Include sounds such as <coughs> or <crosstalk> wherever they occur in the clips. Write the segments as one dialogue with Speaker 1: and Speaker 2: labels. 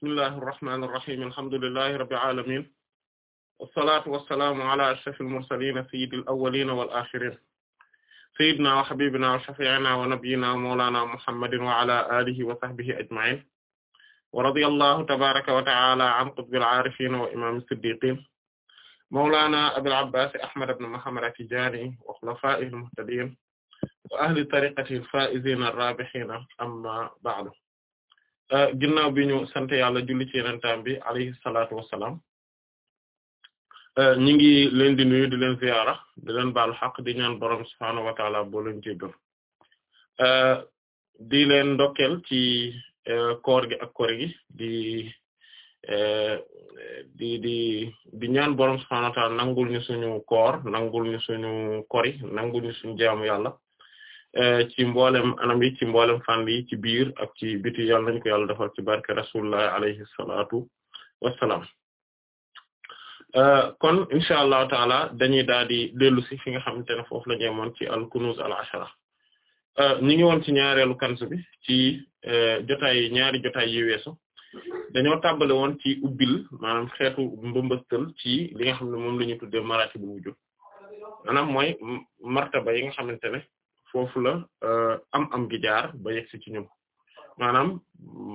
Speaker 1: bismillahir rahmanir rahim alhamdulillahi rabbil alamin wassalatu wassalamu ala ashrafil mursalin sayyidil awwalin wal akhirin sayyidina wa habibina wa shafi'ina wa nabiyyina mawlana muhammadin wa ala alihi wa sahbihi ajma'in wa radiyallahu tabaraka wa ta'ala an qutbil arifin wa imam as-siddiqin mawlana abil abbas ahmad ibn muhammad at-tijani wa khulafa'ihil muhtadin wa ahli tariqatihi al-fa'izin ar-rabihin amma ba'du Euh, ginnaaw bi ñu sant yàlla julli ci yenentaan bi alayhi salaatu wassalaam euh, ñi ngi di nuyu di leen ziyaara di leen baalu xaq di ñaan borom subhaanahu wa taala boo leen jéggal euh, di leen ndokkeel ci koor gi ak koor gi di di di ñaan borom subhaanahu wa taala suñu koor nangul ñu suñu kori nangul suñu jaamu yàlla Eh, ci mboolem anam yi ci mboolem fànn yi ci biir ak ci biti yàlla nañu ko yàlla defal ci barke rasulullah alayhi salaatu wassalaam eh, kon incha allahu taala dañuy daal di dellu si fi nga xamante ne foofu la ñu ci al kunuz al ashara eh, ñu ngi woon ci ñaareelu kanz bi ci jotaay ñaari jotaay yi dañoo tàmbale woon ci ubbil maanaam xeetu mbëmbëstal ci li nga xam ne moom la ñu tuddee maratibul wujud maanaam martaba yi nga xamante ne foofu la euh, am am gi ba yegg si ci ñoom maanaam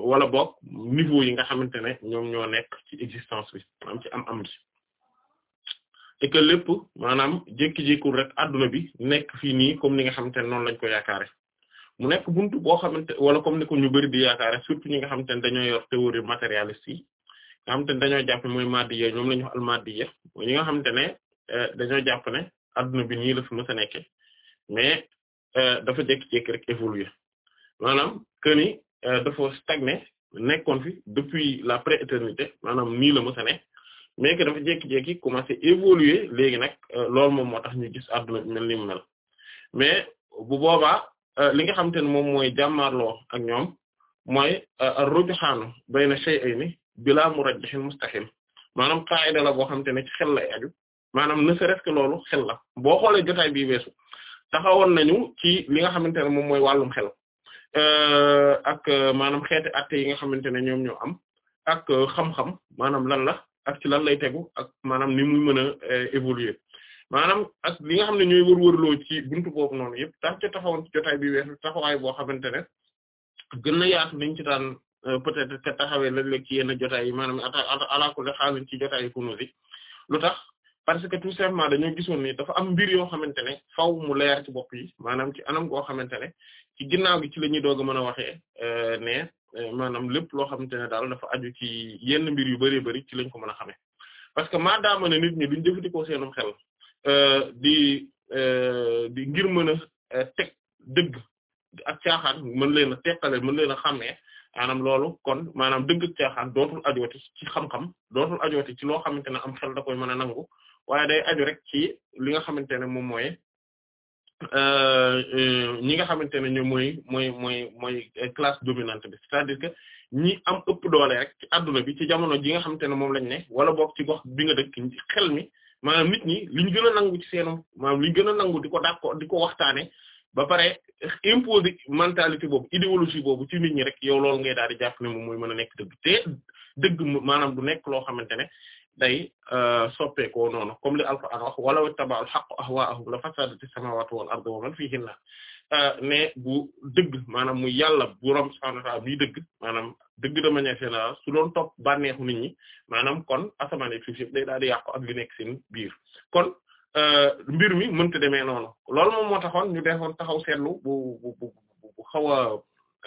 Speaker 1: wala boog niveau yi nga xamante ne ñoom ñoo nekk ci existence bi maanaam ci am am gi et que lépp maanaam jékki-jékkul rek adduna bi nekk fii nii comme ni nga xamante ne noonu lañ ko yaakaare mu nekk buntu boo xamante wala comme ni ñu bari di yaakaare surtout ñi nga xamante ne dañoo yor théorie matérialiste yi nga xamante ne dañoo jàpp mooy maddiya ñoom lañu ñu wax almaddiya ñi nga xamante ne euh, dañoo jàpp ne adduna bi nii la fi mës mais Euh, dafa jékki-jékki rek évoluer maanaam que ni euh, dafa stagner nekkoon fi depuis laprès prééternité maanaam nii la mës a mais que dafa jékki-jékki commencé évoluer léegi nag euh, loolu moom moo tax ñu gis àdduna bi mel ni mu mel mais bu boobaa li nga xamante ne moom mooy jàmmaarloo ak ñoom mooy rujuxaanu bayna shay'ayni bilaa murajjahin mustahil maanaam qaida la boo xamante ne ci xel lay aju maanaam ne serait-ce loolu xel la boo xoolee jotaay bii weesu taxawoon nañu ci li nga xamante ne moom mooy wàllum xel euh, ak euh, maanaam xeeti atte yi nga xamante ne ñoom ñoo am ak euh, xam-xam maanaam lan la ak ci lan lay tegu ak maanaam ni muy mën a évoluer maanaam ak li nga xam ne ñooy wër-wërloo ci buntu boobu noonu yëpp tax ca taxawoon ci jotaay bi boo xamante ne gën na yaatu nañ ci daan peut-être te taxawee léeg ci yenn jotaay yi maanaam ala kulli xaalis ci jotaay yi Kunûz yi lu tax parce que tout simplement ñoo gisoon ni dafa am mbir yoo xamante ne faw mu leer ci bopp yi maanaam ci anam goo xamante ne ci ginnaaw gi ci la ñuy doog a mën a waxee euh, ne euh, maanaam lépp loo xamante ne daal dafa aju ci yenn mbir yu bari bari ci lañ ko mën a xamee parce que maadaama ne nit ñi duñ jëfandikoo seenum xel euh, di di ngir mën a teg dëgg a caaxaan mën leen a teqale mën leen a xàmmee maanaam loolu kon maanaam dëgg ak caaxaan dootul ajooti ci xam-xam dootul ajooti ci loo xamante ne am xel da koy mën a nangu waaye day aju rek ci li nga xamante ne moom mooy euh, euh, ñi nga xamante ne ñoom mooy mooy mooy mooy classe dominante bi c'est-à-dire que ñi am ëpp doole rek ci adduna bi ci jamono ji nga xamante ne moom lañ ne wala bok ci gox bi nga dëkk xel mi maanaam nit ñi liñ gën a nangu ci seenu maanaam liñ gën a nangu di ko d'accord di ko waxtaane ba pare imposer mentalité boobu idéologie boobu ci nit ñi rek yow loolu nge daal di jàpp ne moom mooy mën a nekk dëgg te dëgg maanaam du nekk loo xamante ne day euh, soppeekoo noonu comme li alquran wax wala ittaba'al haqqu ahwaa'ahum la fasadati samaawaatu wal ardu wa man fiihinna ne euh, bu dëgg maanaam mu yàlla boroom subhaanahu wa ta'aala muy dëgg maanaam dëgg de manière générale su doon topp bànneexu nit ñi maanaam kon asamaan ak suuf yëpp day daal di yàqu ak li nekk seen biir kon euh, mbir mi mënta demee noonu loolu moom moo taxoon ñu defoon taxaw seetlu bu bu bu bu xaw a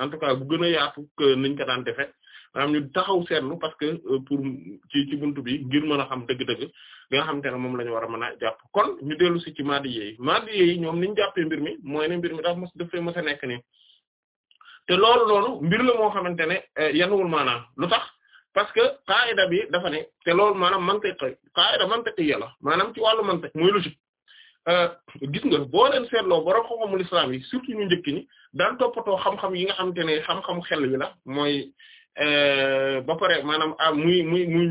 Speaker 1: en tout cas bu gën a yaatu que niñ ko daan defee. maanaam ñu taxaw seetlu parce que euh, pour ci ci buntu bi ngir mën a xam dëgg-dëgg li nga xamante ne moom la ñu war a mën a jàpp kon ñu dellu si ci maadiye yi maadiye yi ñoom ni ñu jàppee mbir mi mooy ne mbir mi dafa mos daf fee mos nekk nii te loolu loolu mbir la moo xamante ne euh, yanuwul maanaam lu tax parce que qaida bi dafa ne te loolu maanaam mantiq qaida mantiqi yàlla maanaam ci wàllu mantiq mooy logique euh, gis nga boo leen seetloo borom xam-xamul islam yi surtout ñu njëkk ñi daan toppatoo xam yi nga xamante ne xam-xam xel la mooy Euh, ba pare maanaam ah muy muy muy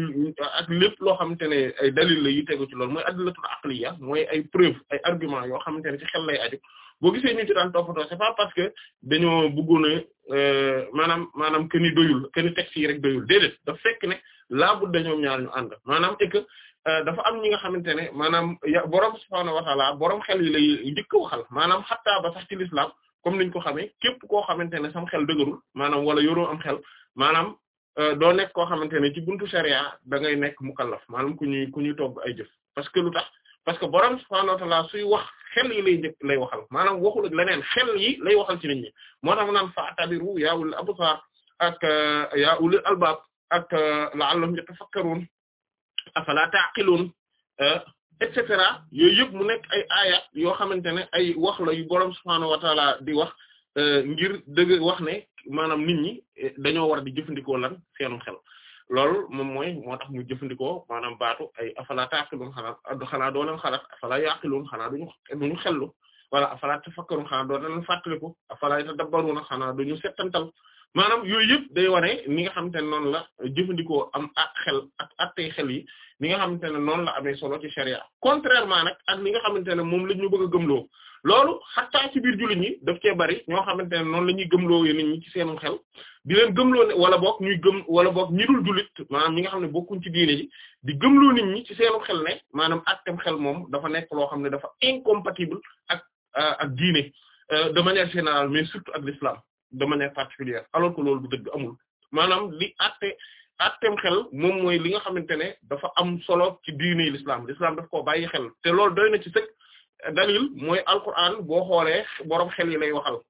Speaker 1: ak lépp loo xamante ne ay dalil la yu tegu ci loolu mooy adillatul aqliya mooy ay preuve ay argument yoo xamante ne ci xel lay aju boo gisee ñu ci daan toppatoo c'est pas parce que dañoo bëggoon a euh, maanaam maanaam que ni doyul que ni rek doyul déedéet da fekk ne laabu dañoom ñaar ñu ànd maanaam et euh, dafa am ñi nga xamante ne maanaam borom subhaanahu wa ta'ala borom xel yi lay njëkk xal maanaam xattaa ba sax ci l'islam comme niñ ko xamee képp koo xamante ne sam xel dëgërul maanaam wala yoroo am xel. maanaam euh, doo nekk koo xamante ne ci buntu sharia da ngay nekk mukallaf maanaam ku ku ñuy togg ay jëf parce que lu tax parce que borom subhaanahu wa ta'ala suy wax xel yi lay njëkk lay waxal maanaam waxul ak xel yi lay waxal ci nit ñi moo tax mu u fa'tabiru yaa ulil absar ak euh, yaa ulil albab ak euh, la'allahum yatafakkarun afala ta'qilun et cetera yooyu yëpp mu nek ay aaya yoo xamante ne ay wax la yu borom subhaanahu wa di wax Euh, ngir dëgg wax ne maanaam nit ñi eh, dañoo war di jëfandikoo lan seenum xel loolu moom mooy moo tax mu jëfandikoo maanaam baatu ay a taqilun xanaa xanaa doo leen xalaat afala yaqilun xanaa duñu duñu xellu wala afala tafakkarun xanaa doo leen fàttaliku afala tadabbaruna xanaa duñu settantal maanaam yooyu yëpp day wane ni nga xamante ne noonu la jëfandikoo am a xel ak attey xel yi ni nga xamante ne noonu la amee solo ci sharia contrairement nag ak li nga xamante ne moom lañ ñu bëgg a gëmloo loolu xattaa ci biir jullit ñi daf cee bari ñoo xamante ne noonu la ñuy gëmloo nit ñi ci seenum xel di leen gëmloo ne wala boog ñuy gëm wala book ñi dul jullit maanaam ñi nga xam ne bokkuñ ci diine ji di gëmloo nit ñi ci seenum xel ne maanaam àtteem xel moom dafa nekk loo xam ne dafa incompatible ak euh, ak diine euh, de manière générale mais surtout ak l'islam de manière particulière alors que loolu du dëgg amul maanaam li àtte àtteem xel moom mooy li nga xamante ne dafa am solo ci diine l'islam l'islam daf koo bàyyi xel te loolu doy na ci sëkk dalil mooy alquran boo xoolee borom xel yi lay waxal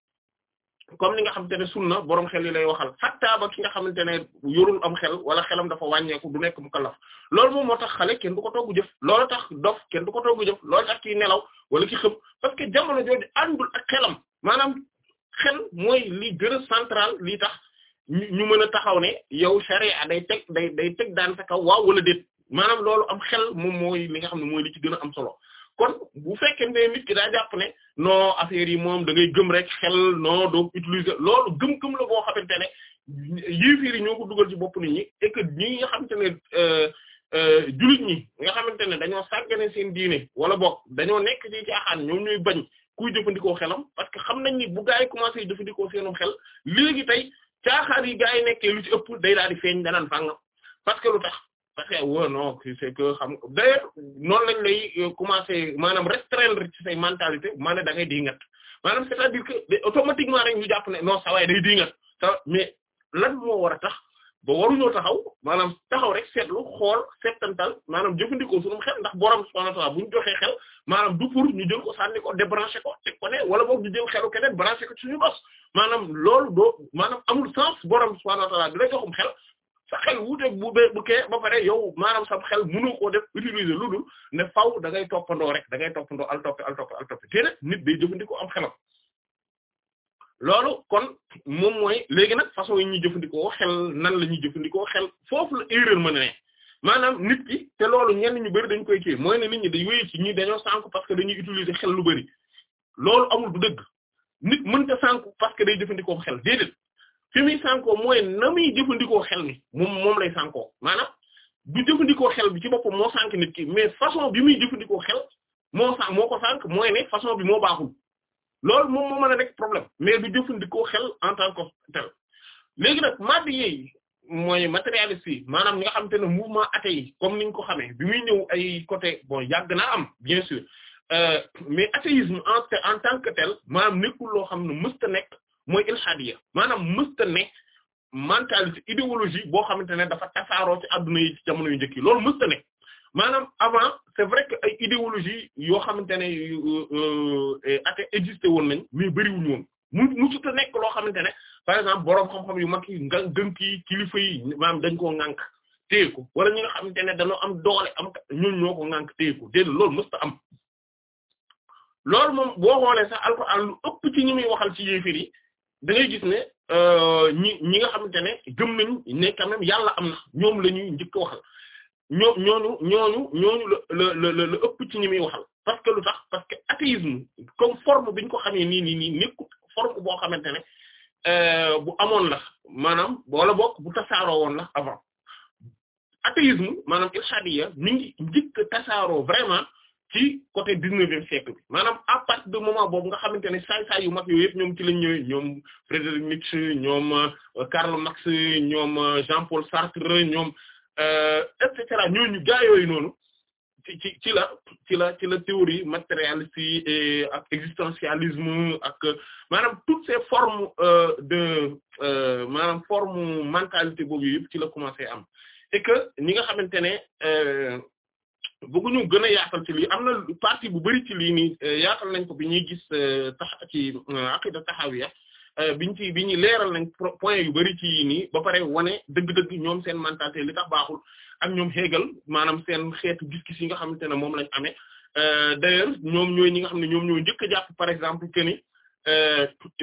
Speaker 1: comme ni nga xamante ne na borom xel lay waxal xataa ba ki ga xamante ne yorul am xel wala xelam dafa wàññeeku du nekk mukallaf loolu moom moo tax xale kenn du ko togg jëf lool tax dof kenn du ko togg jëf loolu tax kiy nelaw wala ki xëpp parce que jamono jooju àndul ak xelam maanaam xel mooy li gën a central lii tax ñu mën a taxaw ne yow sharia day teg day day teg daan sa kaw waaw wala det maanaam loolu am xel moom mooy li nga xam ne mooy li ci gën a am solo kon bu fekkee ne nit ki daa jàpp ne non affaire yi moom da ngay gëm rek xel non doo utiliser loolu gëm-gëm la boo xamante ne ñoo ko dugal ci bopp nit ñi et ñi nga xamante ne euh, euh, jullit ñi nga xamante ne dañoo sàggane seen diine wala boog dañoo nekk ci caaxaan ñoom ñuy bañ ku jëfandikoo xelam parce que xam nañ ni bu gaa yi commencé jëfandikoo seenum xel léegi tey caaxaan yi gaa yi nekkee lu ci ëpp day daal di feeñ danaan fàng parce que lu tax fexe woo non c'est que xam d'ailleurs noonu lañ lay euh, commencer maanaam restreindre ci say mentalité maanaam da ngay diingat maanaam c'est-à-dire que automatiquement rek ñu jàpp no non saa waay day diingat mais lan moo war a tax ba waruñoo taxaw maanaam taxaw rek seetlu xool settantal maanaam jëfandikoo sunum xel ndax borom subhanahu wa ta'ala bu ñu joxee xel maanaam du pour ñu jël ko ko débranché ko teg ko ne wala boog ñu jël xelu keneen branché ko ci suñu bos maanaam loolu doo maanaam sens borom subhanahu wa ta'ala bi la sa xel wuuteeg bu bee bu kee ba pare yow maanaam sa xel mënu koo def utiliser lu dul ne faw da ngay toppandoo rek da ngay toppandoo al topp al topp al topp te nit day jëfandikoo am xelam. loolu kon moom mooy léegi nag façon yi ñuy jëfandikoo xel nan la ñuy jëfandikoo xel foofu la erreur mën a ne maanaam nit ki te loolu ñenn ñu bari dañ koy kii mooy ne nit ñi day wéy ci ñi dañoo sànku parce que dañuy utiliser xel lu bari loolu amul du dëgg nit mënta sànku parce que day jëfandikoo xel déedéet. fi muy mooy na muy jëfandikoo xel mi moom moom lay sànkoo maanaam du jëfandikoo xel bi ci boppam moo sànk nit ki mais façon bi muy jëfandikoo xel moo sànk moo ko sànk mooy ne façon bi moo baaxul loolu moom moo mën a nekk problème mais du jëfandikoo xel en tant que tel léegi nag madd yi mooy matérialiste yi maanaam ñi nga xamante ne mouvement athée comme ni ñu ko xamee bi muy ñëw ay côté bon yàgg naa am bien sûr euh, mais athéisme en en tant que tel maanaam nekkul loo xam ne mësta nekk mooy ilhadiya maanaam mësta ne mentalité idéologie boo xamante ne dafa tasaaroo ci adduna yi ci jamono yu njëkk yi loolu mësta ne maanaam avant c'est vrai que ay idéologie yoo xamante ne euh, euh, athée existé woon nañ mais bëriwuñu woon mu loo xamante ne par exemple boroom xam-xam yu mag yi nga gënk yi kilifa yi maanaam dañ koo ŋànk téye ko wala ñi nga xamante ne dañoo am doole am ñun ñoo ko ŋànk téye ko déedéet loolu mësta am loolu moom boo xoolee sax alxuraan lu ëpp ci ñi waxal ci yéefir yi da ngay gis ne euh, ñi ñi nga xamante ne gëm nañ ne quand même yàlla am na ñoom la ñuy njëkk a waxal ñoo ñooñu la la la la ëpp ci ñi muy waxal parce que lu tax parce que athéisme comme forme bi ñu ko xamee nii nii ni nekkut forme boo xamante ne euh, bu amoon la maanaam wala bokk bu tasaaroo woon la avant athéisme maanaam irshadiya mi ngi njëkk tasaaroo vraiment ci côté dix-neuvième siècle bi maanaam à part de moment boobu nga xamante ne saay-saay yu mag yooyu yëpp ñoom ci la ñëwee ñoom Frédéric Nietzsche ñoom euh, Karl Marx ñoom euh, Jean-Paul Sartre ñoom euh, et cetera ñooñu gaa yooyu noonu ci ci ci la ci la ci la théorie matérialiste yi et ak existentialisme ak maanaam toutes ces formes de maanaam forme mentalité boobu yëpp ci la commencé am et que ñi nga xamante ne bëgguñu gën a yaatal ci lii am na partie bu bari ci lii nii euh, yaatal nañ ko bi ñuy gis euh, tax ci euh, aqida taxawiya biñ ci bi ñuy leeral nañ point yu bari ci yii nii ba pare wane dëgg-dëgg ñoom seen mentalité li tax baaxul ak ñoom xéegal maanaam seen xeetu gis-gis yi nga xamante ne moom lañ amee d'ailleurs ñoom ñooy ñi nga xam ne ñoom ñoo njëkk a jàpp par exemple que ni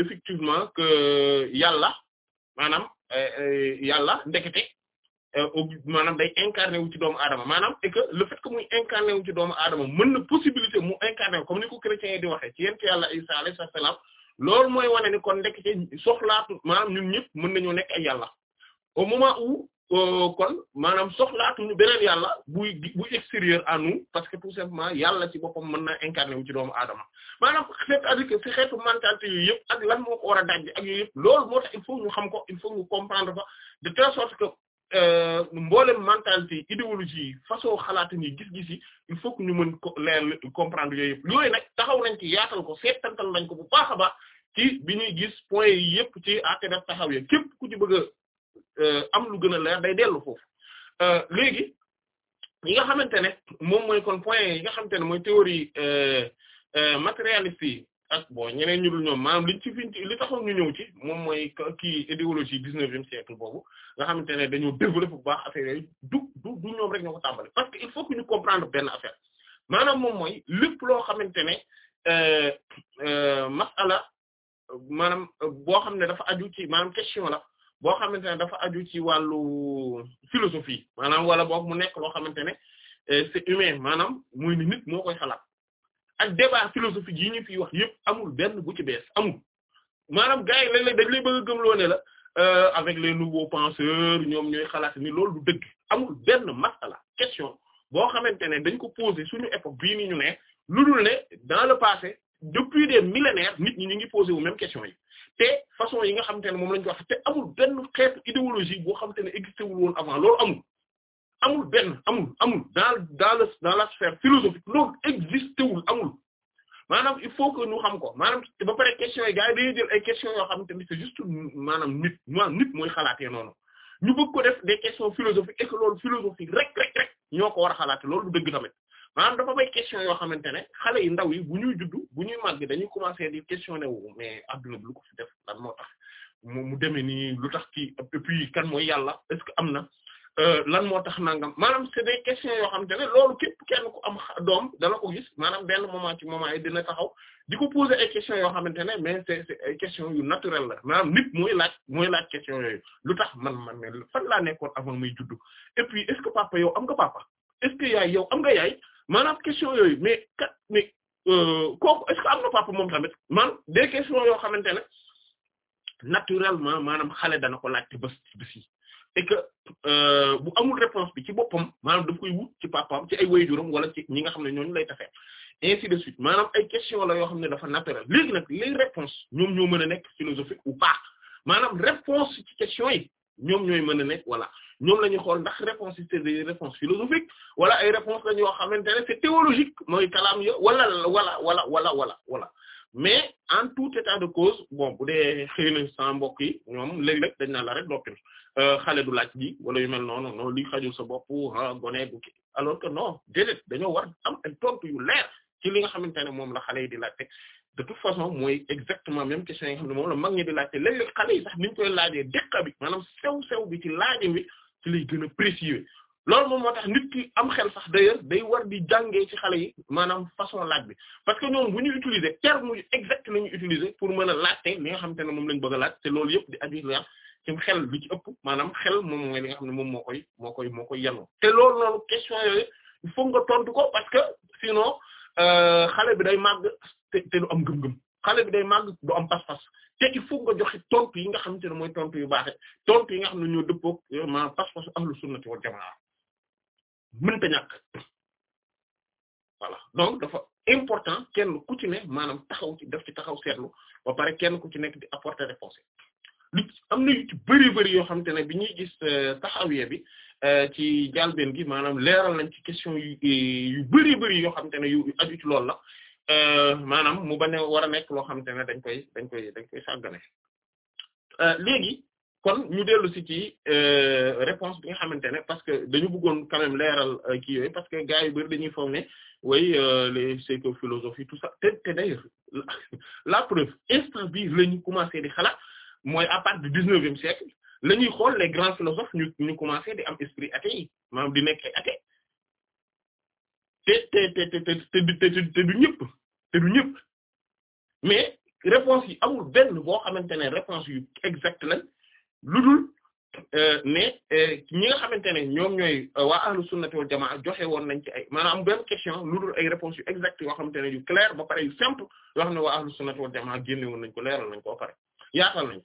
Speaker 1: effectivement que yàlla maanaam yàlla ndekete Euh, maanaam day incarné wu ci doomu maanaam c'est que le fait que muy incarné wu ci doomu possibilité mu incarné wu comme ni ko chrétiens yi di waxee ci yent yàlla Isa alayhi salaam loolu mooy wane ni kon ndekk ci soxlaatu maanaam ñun ñëpp mën nañoo nekk ay yàlla au moment où euh, kon maanaam soxlaatuñu beneen yàlla buy buy extérieur a nous parce que tout simplement yàlla ci boppam mën na incarné wu ci doomu aadama maanaam c'est-à-dire que ci xeetu mentalité yooyu lan moo war a daj ak yooyu yëpp loolu moo xam ko il faut Euh, mboolem mentalité idéologie façon xalaatan yi gis-gis yi il faut que ñu mën ko leer comprendre yooyu yëpp na nag taxaw nañ ci yaatal ko seetantal nañ ko bu baax a baax ci bi ñuy gis point yi ci a taxaw ya képp ku ci bëgg a euh, am lu gën a leer day dellu foofu euh, léegi yi nga xamante ne moom mooy kon point yi nga xamante ne mooy théorie matérialiste yi ak bon ñeneen ñu ñoom maanaam liñ ci fiñ li taxoon ñu ñëw ci moom mooy kii idéologie dix-neuvième siècle boobu nga xamante ne dañoo développer bu baax affaire yooyu du du du ñoom rek ñoo ko tàmbali parce que il faut que ñu comprendre benn affaire maanaam moom mooy lépp loo xamante ne euh, euh, masala maanaam euh, boo xam ne dafa aju ci maanaam question la boo xamante ne dafa aju ci wàllu philosophie maanaam wala boog mu nekk loo xamante ne c'est humain maanaam muy ni moo koy xalaat ak débat philosophique yi ñu fi wax yëpp amul benn bu ci bees amul maanaam gars yi léeg-léeg dañ lay bëgg a gëmloo ne la euh, avec les nouveaux penseurs ñoom ñooy xalaat ni loolu du dëgg amul benn masala question boo xamante ne dañ ko poser suñu époque bii ni ñu ne lu dul ne dans le passé depuis des millénaires nit ñi ñu ngi poser wu même question yi te façon yi nga xamante ne moom lañ ko wax te amul benn xeetu idéologie boo xamante ne existé wul woon avant loolu amul amul benn amul amul dans dans le dans la sphère philosophique amul maanaam il faut que nu xam ko maanaam ba pare questions yi gars yi dañuy jël ay question yoo xamante ni c'est nit maanaam nit mooy xalaatee noonu ñu bëgg ko def des questions philosophiques et que philosophie rek rek rek ñoo ko war a xalaatee loolu du dëgg tamit maanaam dafa may question yoo xamante ne xale yi ndaw yi bu ñuy juddu bu ñuy màgg dañuy commencer di questionner wu mais adduna bi lu ko def lan tax mu mu demee nii lu tax kii et puis mooy yàlla est-ce que am na Euh, lan moo tax nangam maanaam c'est des questions yoo xam ne loolu képp kenn ku am doom dana ko gis maanaam benn moment ci moment yi dina taxaw di ko poser ay questions yoo xamante ne mais c'est c'est ay questions yu naturel la maanaam nit mooy laaj mooy laaj question yooyu lu tax man man ne fan laa nekkoon avant muy juddu et puis est-ce que papa yow am nga papa est-ce que yaay yow am nga yaay maanaam question yooyu mais kat mais euh, kooku est-ce que am na papa moom tamit man des questions yoo xamante ne naturellement maanaam xale dana ko laaj te et que euh, bu amul réponse bi ci boppam maanaam daf koy wut ci papaam ci ay waajuram wala ci ñi nga xam ne ñooñu lay taxee ainsi de suite maanaam ay question la yoo xam ne dafa naturel léegi nag les réponses ñoom ñoo mën a nekk philosophique ou pas maanaam réponse ci question yi ñoom ñooy mën a nekk wala ñoom la ñuy xool ndax réponses yi c'est des réponses wala ay réponses la ñoo xamante ne c'est théologique mooy kalaam yo wala wala wala wala wala wala mais en tout état de cause bon xëy na sa mbokk yi ñoom léeg-léeg dañ naa la rek doctrine Euh, xale du laaj bi wala yu mel noonu non lii xajul sa bopp ah gone bu kii alors que non déedéet dañoo war am ay tontu yu leer ci li nga xamante ne moom la xale yi di laaj de toute façon mooy exactement même question yi nga xam ne la mag ñi di laajte léeg xale yi sax niñ koy laajee dëkka bi maanaam sew sew bi ci laajin bi ci lay gën a précieux moom moo tax nit ki am xel sax d'ailleurs day war di jàngee ci xale yi maanaam façon laaj bi parce que ñoom bu ñu utiliser terme yu exact la utiliser pour mën a te li nga xamante ne moom lañ bëgg a laaj loolu yëpp di aju ci xel bi ci ëpp maanaam xel moom li nga xam ne moom moo koy moo koy moo koy yaloo te lool loolu question yooyu il faut nga tontu ko parce que sinon euh, xale bi day màgg te du am gëm-gëm xale bi day màgg du am pas-pas te il faut nga joxe tontu yi nga xamante ne mooy tontu yu baaxe tontu yi nga xam ne ñoo dëppook euh, maanaam pas-pasu ahlu sunnati wal jamaa mënta ñàkk voilà donc dafa important kenn ku ci ne maanaam taxaw ci def ci taxaw seetlu ba pare kenn ku ci nekk di apporter réponse lu am na yu ci bëri bëri yoo xamante ne bi ñuy gis euh, taxawiya bi euh, ci jàllbeen gi maanaam leeral nañ ci question yu euh, yu bëri bëri yoo xamante ne yu aju lool loolu la maanaam mu bañ a war a nekk loo xamante ne dañ koy dañ koy dañ koy sàggane léegi kon ñu dellu si ci réponse bi nga xamante ne parce que dañu bëggoon quand leeral kii yooyu parce que gars yu bëri dañuy foog ne way le psychophilosophies tout ça te te <laughs> la preuve instant bi la ñu di xalaat mooy à partir du dix-neuvième siècle lañuy xool le grands philosophes ñu ñu commencé di am esprit athée yi maanaam di nekk ay athée te te te te te te ñëpp te du ñëpp mais réponse yi amul benn boo xamante ne réponse yu exact lañ lu dul mais euh, euh, ñi nga xamante ne ñoom ñooy euh, waa ahlu sunnati wal woon nañ ay maanaam am benn question lu dul ay réponse yu exact yoo xamante ne yu clair ba pare yu simple yoo xam ne waa ahlu sunnati wal jamaa génne woon nañ ko leeral nañ ko pare yaatal nañ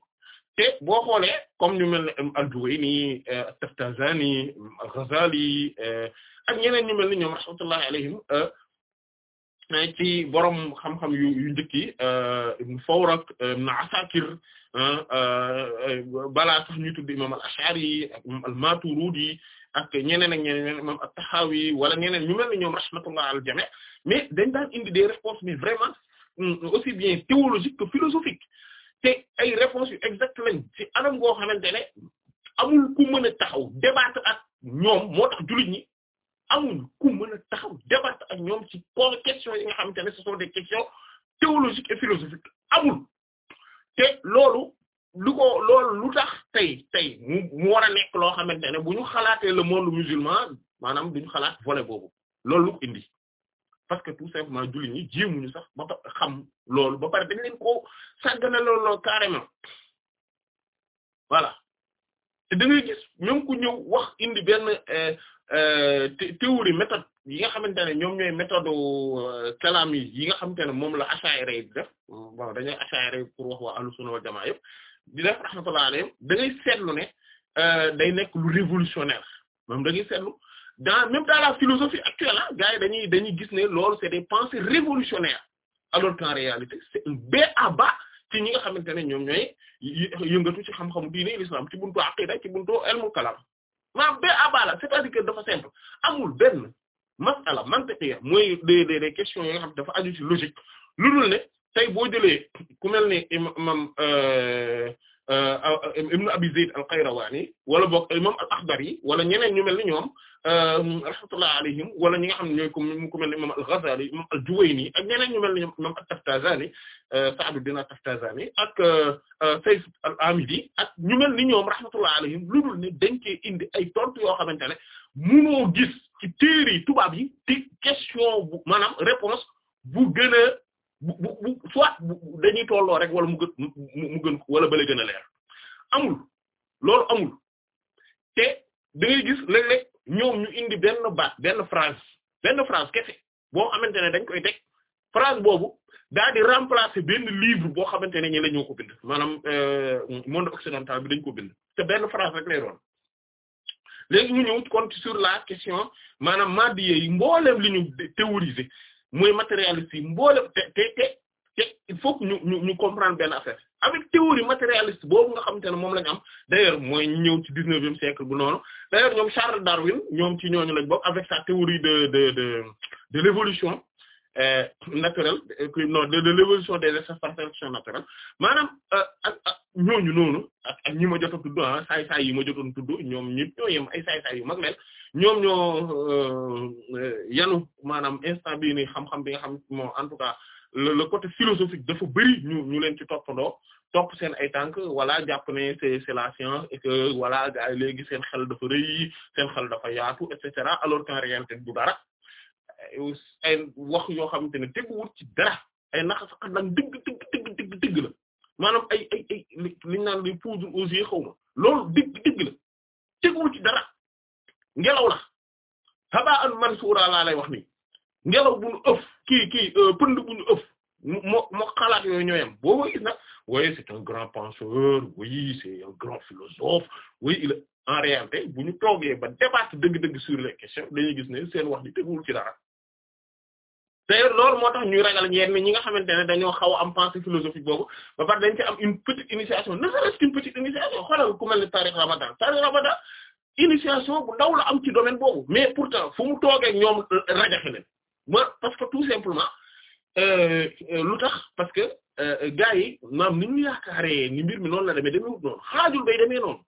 Speaker 1: te boo xoolee comme ñu mel ne al a euh, Taftazani al-Ghazali euh, ak ñeneen ñu mel ni ñoom rahmatullahi alayhim euh, ci borom xam-xam yu yu njëkk yi Ibn Fawr ak Ibn Asakir balaa sax ñu imam al-Ash'ari ak imam al-Maturidi ak ñeneen ak ñeneen imam at-Tahawi wala ñeneen ñu mel ni ñoom rahmatullah al mais dañ daan indi des réponses bi vraiment mm, aussi bien théologiques que te ay réponses yu exact lañ ci anam ngoo xamante ne amul ku mën taxaw débattre ak ñoom moo tax jullit ñi amul ku mën taxaw débattre ak ñoom ci poser questions yi nga xamante ne ce sont des questions et philosophiques amul te loolu lu ko loolu lu mu mu war a nekk loo xamante ne bu ñu xalaatee le monde musulman maanaam duñu xalaat volet boobu loolu indi parce que tout simplement jullit ñi jéemuñu sax ba xam loolu ba pare dañ leen ko sàggane loolu carrément voilà te da ngay gis ku ñëw wax indi benn euh, euh, théorie méthode yi nga xamante ne ñoom ñooy méthode euh, kalam yi yi nga xamante ne moom la Ash'ari yi pour wax waa al-sunna wal jamaa yëpp di def ne day nekk lu révolutionnaire moom da ngay dans même dans la philosophie actuelle ah gars yi dañuy gis ne lool c'est des pensées révolutionnaires alors qu'en réalité c'est un b.a.-ba ci ñi nga xamante ne ñoom ñooy yëngatu ci xam-xamu diine l'islam ci buntu aqida ci buntu ilmul kalam maanaam b.a.-ba la c'est-à-dire que dafa simple amul benn masala mantiqiya mooy des des des questions yoo nga xam dafa aju ci logique lu dul ne tey boo jëlee ku mel ne imam euh, euh, euh, ibnu abi zayd al qayrawani wala bokk imam al akhdari wala ñeneen ñu mel ni ñoom Euh, rahmatullah alayhim wala ñi nga xam ne ñooy comme ku mel ne imam al-Ghazali imam al-Juwayni ak ñeneen ñu mel ne imam at-Taftazani euh, Sa'duddin at-Taftazani ak euh, Sayf al-Amidi ak ñu mel ni ñoom rahmatullah alayhim lu dul ne dañ indi ay tontu yoo xamante ne mënoo gis ci téere tubaab yi te question bu maanaam réponse bu gën a bu bu soit dañuy tolloo rek wala mu gën mu wala bale gën a leer amul loolu amul te da gis léeg ñoom ñu indi benn baat benn phrase benn phrase kese boo xamante ne dañ koy teg phrase boobu daadi di remplacer benn livre boo xamante ne ñi la ko bind maanaam euh, monde occidental bi dañ ko bind te benn phrase rek lay doon ñu ñëw kon sur la question maanaam maddiye yi mbooleem li ñu théoriser muy matérialiste yi mbooleem te te te te il faut ñu ñu ñu comprendre benn affaire avec théorie matérialiste boobu nga xamante ne moom la am d'ailleurs mooy ñëw ci dix-neuvième siècle bu noonu d'ailleurs ñoom Charles Darwin ñoom ci ñooñu lañ bokk avec sa théorie de de de de l'évolution euh, naturelle euh, non de de l'évolution des espèces par sélection naturelle euh, ak ak ñooñu noonu ak ak ñi ma jot a tudd ah saay ma jotoon tudd ñoom ñëpp ñoo yem ay saay-saay yu mag leen ñoom ñoo euh, yanu maanaam instant bii nii xam-xam bi nga xam moo en tout cas. le le côté philosophique dafa bëri ñu ñu leen ci toppandoo topp seen ay tànk voilà jàpp ne c'est c'est la science et que voilà gars yi léegi seen xel dafa rëy seen xel dafa yaatu et cetera alors dara wax yoo xamante ne teguwul ci dara ay naxa sax nag dëgg dëgg dëgg dëgg dëgg la maanaam ay ay ay li ñu naan li poudre aux yeux xaw ma loolu dëgg dëgg la teguwul ci dara ngelaw la xabaa an mansuura laa lay wax nii ngelaw bu ñu ëf kii kii euh, pënd bu ñu ëf moo moo xalaat yooyu ñooyam boo ko gis nag oui c'est un grand penseur oui c'est un grand philosophe oui il en réalité bu ñu toogee ba débattre dëgg-dëgg sur les questions dañuy gis ne seen wax di teguwul ci dara d'ailleurs loolu moo tax ñuy ragal ñenn ñi nga xamante ne dañoo xaw a am pensée philosophique boobu ba pare dañ ci am une petite initiation ne serait-ce qu'une petite initiation xoolal ku mel ne Ramadan Tariq Ramadan initiation la am ci domaine boobu mais pourtant mu toogee ñoom ma parce que tout simplement euh, euh, lu tax parce que euh, gars yi maam ni ñu yaakaaree ni mbir mi noonu la demee demee wut noonu xaajul bay demee noonu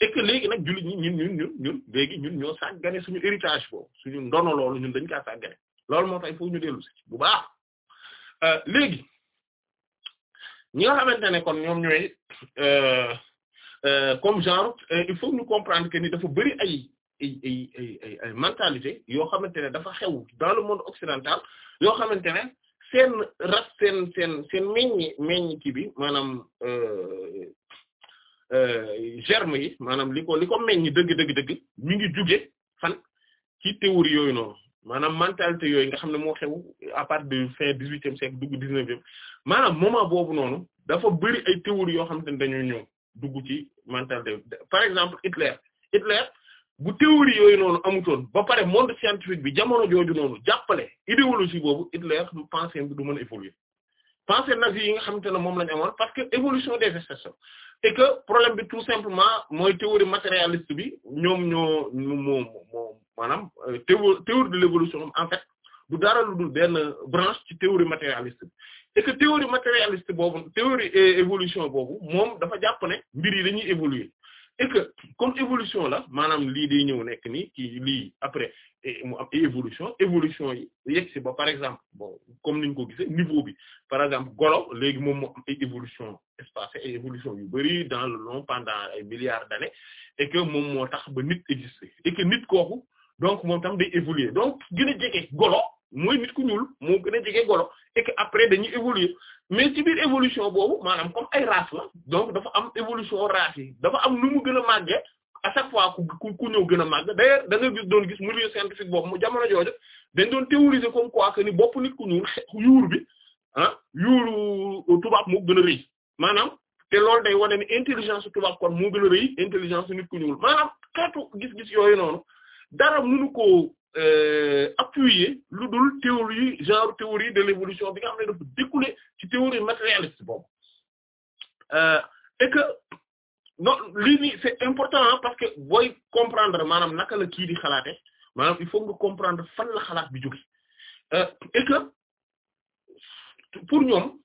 Speaker 1: et léegi nag jullit ñi ñun ñun ñun ñun léegi ñun ñoo sàggane ñu héritage boobu suñu ndono loolu ñun dañ kaa sàggane loolu moo tax foofu ñu dellu si bu baax léegi ñi nga xamante ne kon ñoom ñooy comme genre il faut ñu comprendre que ni dafa bari ay ay ay ay ay mentalité yoo xamante ne dafa xew dans le monde occidental yoo xamante ne seen ras seen seen seen meññ meññ ki bi maanaam euh, euh, germe yi maanaam li ko li ko meññ dëgg dëgg dëgg mi ngi juge fan ci théorie yooyu noonu maanaam mentalité yooyu nga xam ne moo xew à partir de fin dix-huitième siècle dugg dix-neuvième maanaam moment boobu noonu dafa bëri ay théorie yoo xamante ne dañoo ñëw dugg ci mentalité par exemple Hitler Hitler bu théorie yooyu noonu amutoon ba pare monde scientifique bi jamono jooju noonu jàppale idéologie boobu Hitler du pensée bi du mën a évoluer pensée yi nga xamante ne moom lañ amoon parce que évolution des espèces et que problème bi tout simplement mooy théorie matérialiste bi ñoom ñoo moom moom maanaam euh, théorie de l'évolution en fait du dara lu dul benn branche ci théorie matérialiste bi et que théorie matérialiste boobu théorie évolution boobu moom dafa jàpp ne mbir yi dañuy évoluer et que comme évolution la maanaam lii day ñëw nekk nii kii lii après mu am évolution évolution yi yegg si ba par exemple bon comme niñ ko gisee niveau bi par exemple golo léegi moom mo am ay évolution espacée ay évolution yu bari dans le long pendant ay milliards d'années et que moom moo tax ba nit exister et que nit kooku donc moom tam day évoluer donc gën a jege golo mooy nit ku ñuul moo gën a jege golo et après dañuy évoluer mais ci biir évolution boobu maanaam comme ay race la donc dafa am évolution race yi dafa am nu mu gën a màggee a chaque fois ku ku ñëw gën a màgg d'ailleurs da nga gis doon gis milieu scientifique boobu mu jamono jooju dañ doon théoriser comme quoi que ni bopp nit ku ñuul yuur bi ah yuuru tubaab moo gën a rëy maanaam te loolu day wane ni intelligence tubaab kon moo gën a rëy intelligence nit ku ñuul maanaam xeetu gis yooyu noonu dara mënu ko Euh, appuyer lu dul théorie genre théorie de l'évolution bi nga xam ne dafa découler ci théorie matérialiste boobu euh, et que non lii nii c'est important parce que booy comprendre maanaam naka la kii di xalaate maanaam il faut nga comprendre fan la xalaat bi jóge euh, et que pour ñoom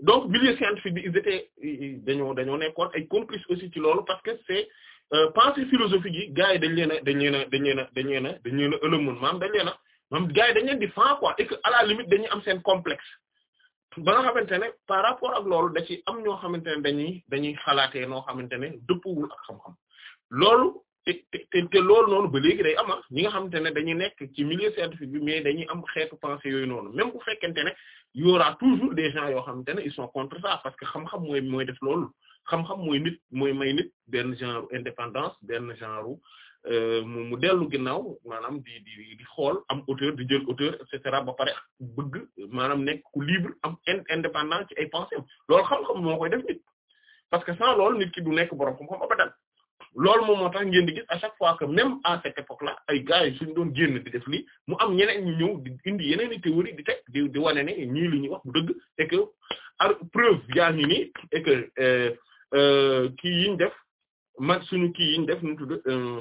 Speaker 1: donc milieu scientifique bi ils étaient dañoo dañoo nekkoon ay complices aussi ci loolu parce que c'est Euh, pensée philosophique yi gars yi dañ leen a dañ leen a dañ leen a dañ leen a dañ a ëlëmoon maam dañ leen a maam gars yi dañ leen di fan quoi et que à la limite dañuy am seen complexe ba nga xamante ne par rapport ak loolu da ci am ñoo xamante ne dañuy dañuy xalaatee noo xamante ne dëppwul ak xam-xam loolu te te te loolu noonu ba léegi day ama ah. ñi nga xamante ne dañuy nekk ci milieu scientifique bi mais dañuy am xeetu pensée yooyu noonu même bu fekkente ne y aura toujours des gens yoo xamante ne ils sont contre ça parce que xam-xam mooy mooy def loolu xam-xam mooy nit mooy may nit benn genre indépendance benn genre euh, mu mu dellu ginnaaw maanaam di di di xool am auteur di jël auteur et ba pare bëgg maanaam nekk ku libre am indépendant ci ay pensées loolu xam-xam moo koy def nit parce que sans loolu nit ki du nekk borom xam-xam abadan loolu moom moo tax ngeen di gis à chaque fois que même à cette époque là ay gars yi suñ doon génn di def lii mu am ñene ñu ñëw indi yeneen i théorie di teg di di wane ne ñii li ñuy wax bu dëgg et a preuve Euh, kii yiñ def man suñu kii yiñ def nu tudd euh,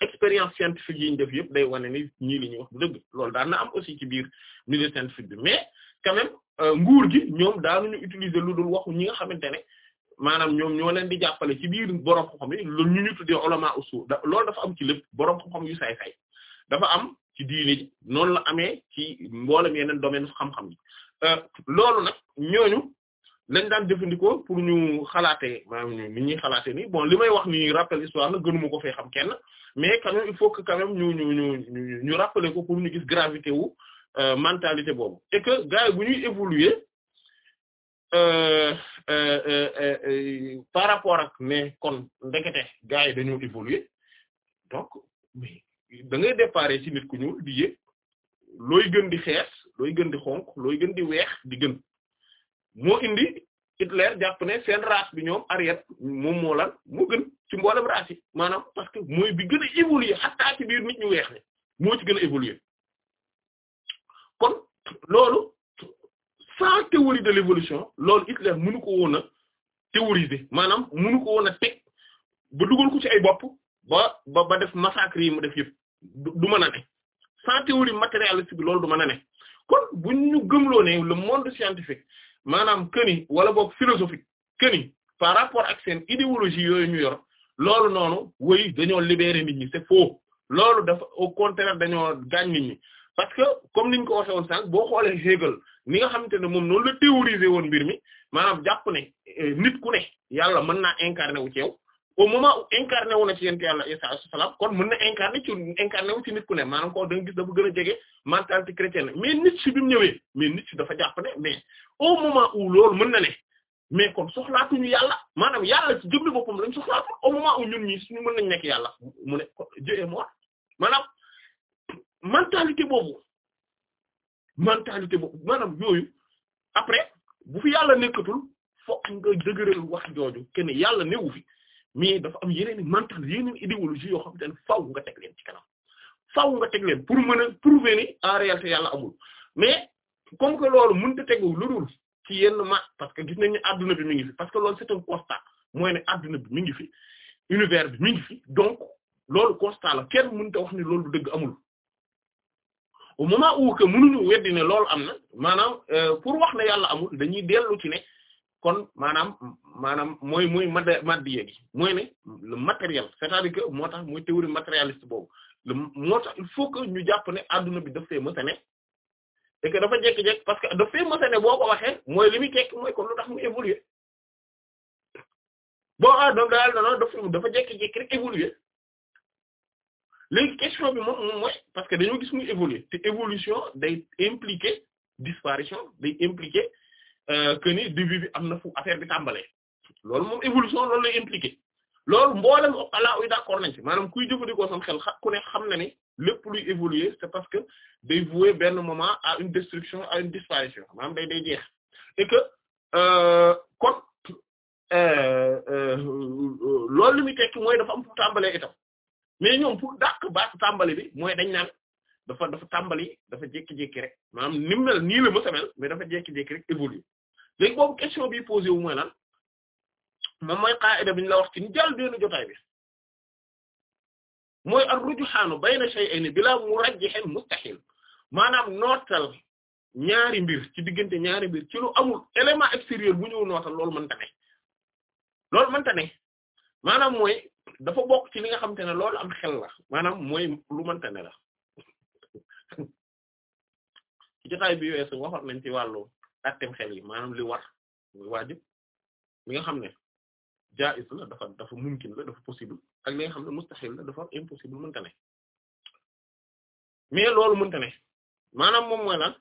Speaker 1: expérience scientifique yiñ def yëpp day wane ni ñii li ñuy wax bu loolu daan na am aussi ci biir milieu scientifique bi mais quand même euh, nguur gi ñoom daanuñu utiliser lu dul waxu ñi nga xamante ne maanaam ñoom ñoo leen di jàppale ci biir borom xam-xam ñu ñu tuddee ulama loolu dafa am ci lépp borom xam-xam yu say-say dafa am ci diine ji noonu la amee ci mboolem yeneen domaine xam-xam yi loolu nag ñooñu lañ daan jëfandikoo pour ñu xalaatee maanaam ñu ñuy xalaatee ni bon li may wax ni rappel histoire nag gënuma ko fee xam kenn mais quand même il faut que quand ñu ñu ñu ñu rappeler ko pour ñu gis gravité wu euh, boobu et que gars yi bu ñuy évoluer euh, euh, par rapport ak mais kon ndekete gars yi dañoo évoluer donc mais da ngay déparer ci nit ku ñu di looy gën di xees looy gën di xonk looy gën di weex di gën. moo indi Hitler jàpp ne seen race bi ñoom Ariette moom moo lan moo gën ci mboolem race yi maanaam parce que mooy bi gën a évoluer xataa ci biir nit ñu weex ne moo ci gën a évoluer kon loolu sans théorie de l'évolution loolu Hitler mënu ko woon a théoriser maanaam mënu woon a teg ba dugal ko ci ay bopp ba ba ba def massacre yi mu def yëpp du mën a ne sans théorie matérialiste bi loolu du mën a ne kon bu ñu gëmloo ne le monde scientifique maanaam këni wala boog philosophique këni par rapport ak seen idéologie yooyu ñu yor loolu noonu woy dañoo libérer nit ñi c'est faux loolu dafa au contraire dañoo gaañ nit ñi parce que comme niñ ko waxe woon sànq boo xoolee Hegel ni nga xamante ne moom noonu la théoriser woon mbir mi maanaam jàpp ne eh, nit ku ne yàlla mën naa incarné wu ci o au moment où incarné wu na ci yent yàlla Isa alayhi salaam kon mën na incarné ci incarné wu ci nit ku ne maanaam ko da gis dafa gën a jege mentalité chrétienne mais nit si bi mu ñëwee mais nit si dafa jàpp ne mais au moment où loolu mën na ne mais kon soxlaatuñu yàlla maanaam yàlla ci jëmmi boppam lañ soxlaatu au moment où ñun ñi suñu mën nañ nekk yàlla mu ne Dieu est mort maanaam mentalité boobu mentalité boobu maanaam yooyu après bu fi yàlla nekkatul fokk nga dëgëral wax jooju kenn yàlla newu fi mais dafa am yeneen i mental yeneen idéologie yoo xam te ne nga teg leen kanam faaw nga teg pour mën a prouver ni en réalité yàlla amul comme que loolu mënta tegu lu dul ci yenn ma parce que gis nañ ne adduna bi mi ngi fi parce que loolu c'est un constat mooy ne adduna bi mi ngi fi univers bi mi fi donc loolu constat la kenn mënta wax ni loolu dëgg amul au moment où que mënuñu weddi ne loolu am na maanaam euh, pour wax na yàlla amul dañuy dellu ki ne kon maanaam maanaam mooy mooy mad maddiye gi mooy ne le matériel c'est-à-dire que moo tax mooy théorie matérialiste boobu le moo il ñu jàpp ne adduna bi daf fee mësa ne et que dafa jékki-jékki parce que dafay mos a ne boo ko waxee mooy li muy tekki mooy kon lu tax mu évoluer bon ah donc daal non non dafa jékki-jékki rek évoluer léegi question bi moom mooy parce que dañoo gis muy évoluer te évolution day impliquer disparition day impliquer euh, que ni début bi am na fu affaire bi tàmbalee loolu moom évolution loolu lay impliquer loolu mboolem ala uy d'accord nañ ci maanaam kuy jëfandikoo sam xel ku xam na lépp luy évoluer c'est parce que day benn moment à une destruction à une disparition maanaam day day jeex et que euh, kon euh, euh, loolu li muy mooy dafa am fu tàmbalee itam mais ñoom pour dàq baatu tàmbali bi mooy dañ naan dafa dafa tàmbali dafa jekki jékki rek maanaam ni mu mel nii la mësa mel mais dafa jékki-jékki rek évoluer léegi boobu question bi posé wu mooy lan moom mooy qaida bi ñu la wax ci njëlbéenu jotaay bi mooy ar rujuxaanu bayna shay'ayn bilaa murajjihin mustahil maanaam nootal ñaari mbir ci diggante ñaari mbir ci lu amul élément extérieur bu nootal loolu mënta ne loolu mënta ne mooy dafa bokk ci li nga xamante ne lool am xel la maanaam mooy lu mënta ne la ci jotaay bi weesu waxoon nañ ci wàllu attem xel yi maanaam li war muy waajib mi nga xam ne jaiz la dafa dafa mumkin la
Speaker 2: dafa possible ak li xam ne mustahil la dafa impossible mënta ne mais
Speaker 1: loolu mënta ne maanaam moom mooy lan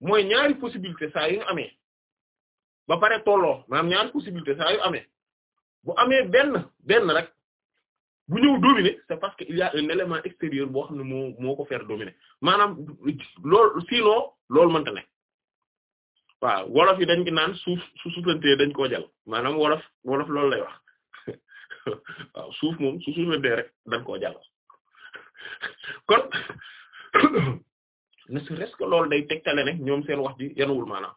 Speaker 1: mooy ñaari possibilité saa yu ñu amee ba pare tolloo mam ñaari possibilité saa yu amee bu benn benn rek bu ñëw dominer c'est parce que il y a élément extérieur boo xam ne mo mo ko faire dominer maanaam loolu sinon loolu mënta ne waaw wolof yi dañ ko naan suuf su suuflantee dañ koo jal maanaam wolof wolof loolu lay wax <laughs> suuf moom su suuflantee rek dañ koo jal kon <coughs> ne serait-ce que loolu day tegtale ne ñoom seen wax ji yanuwul maanaam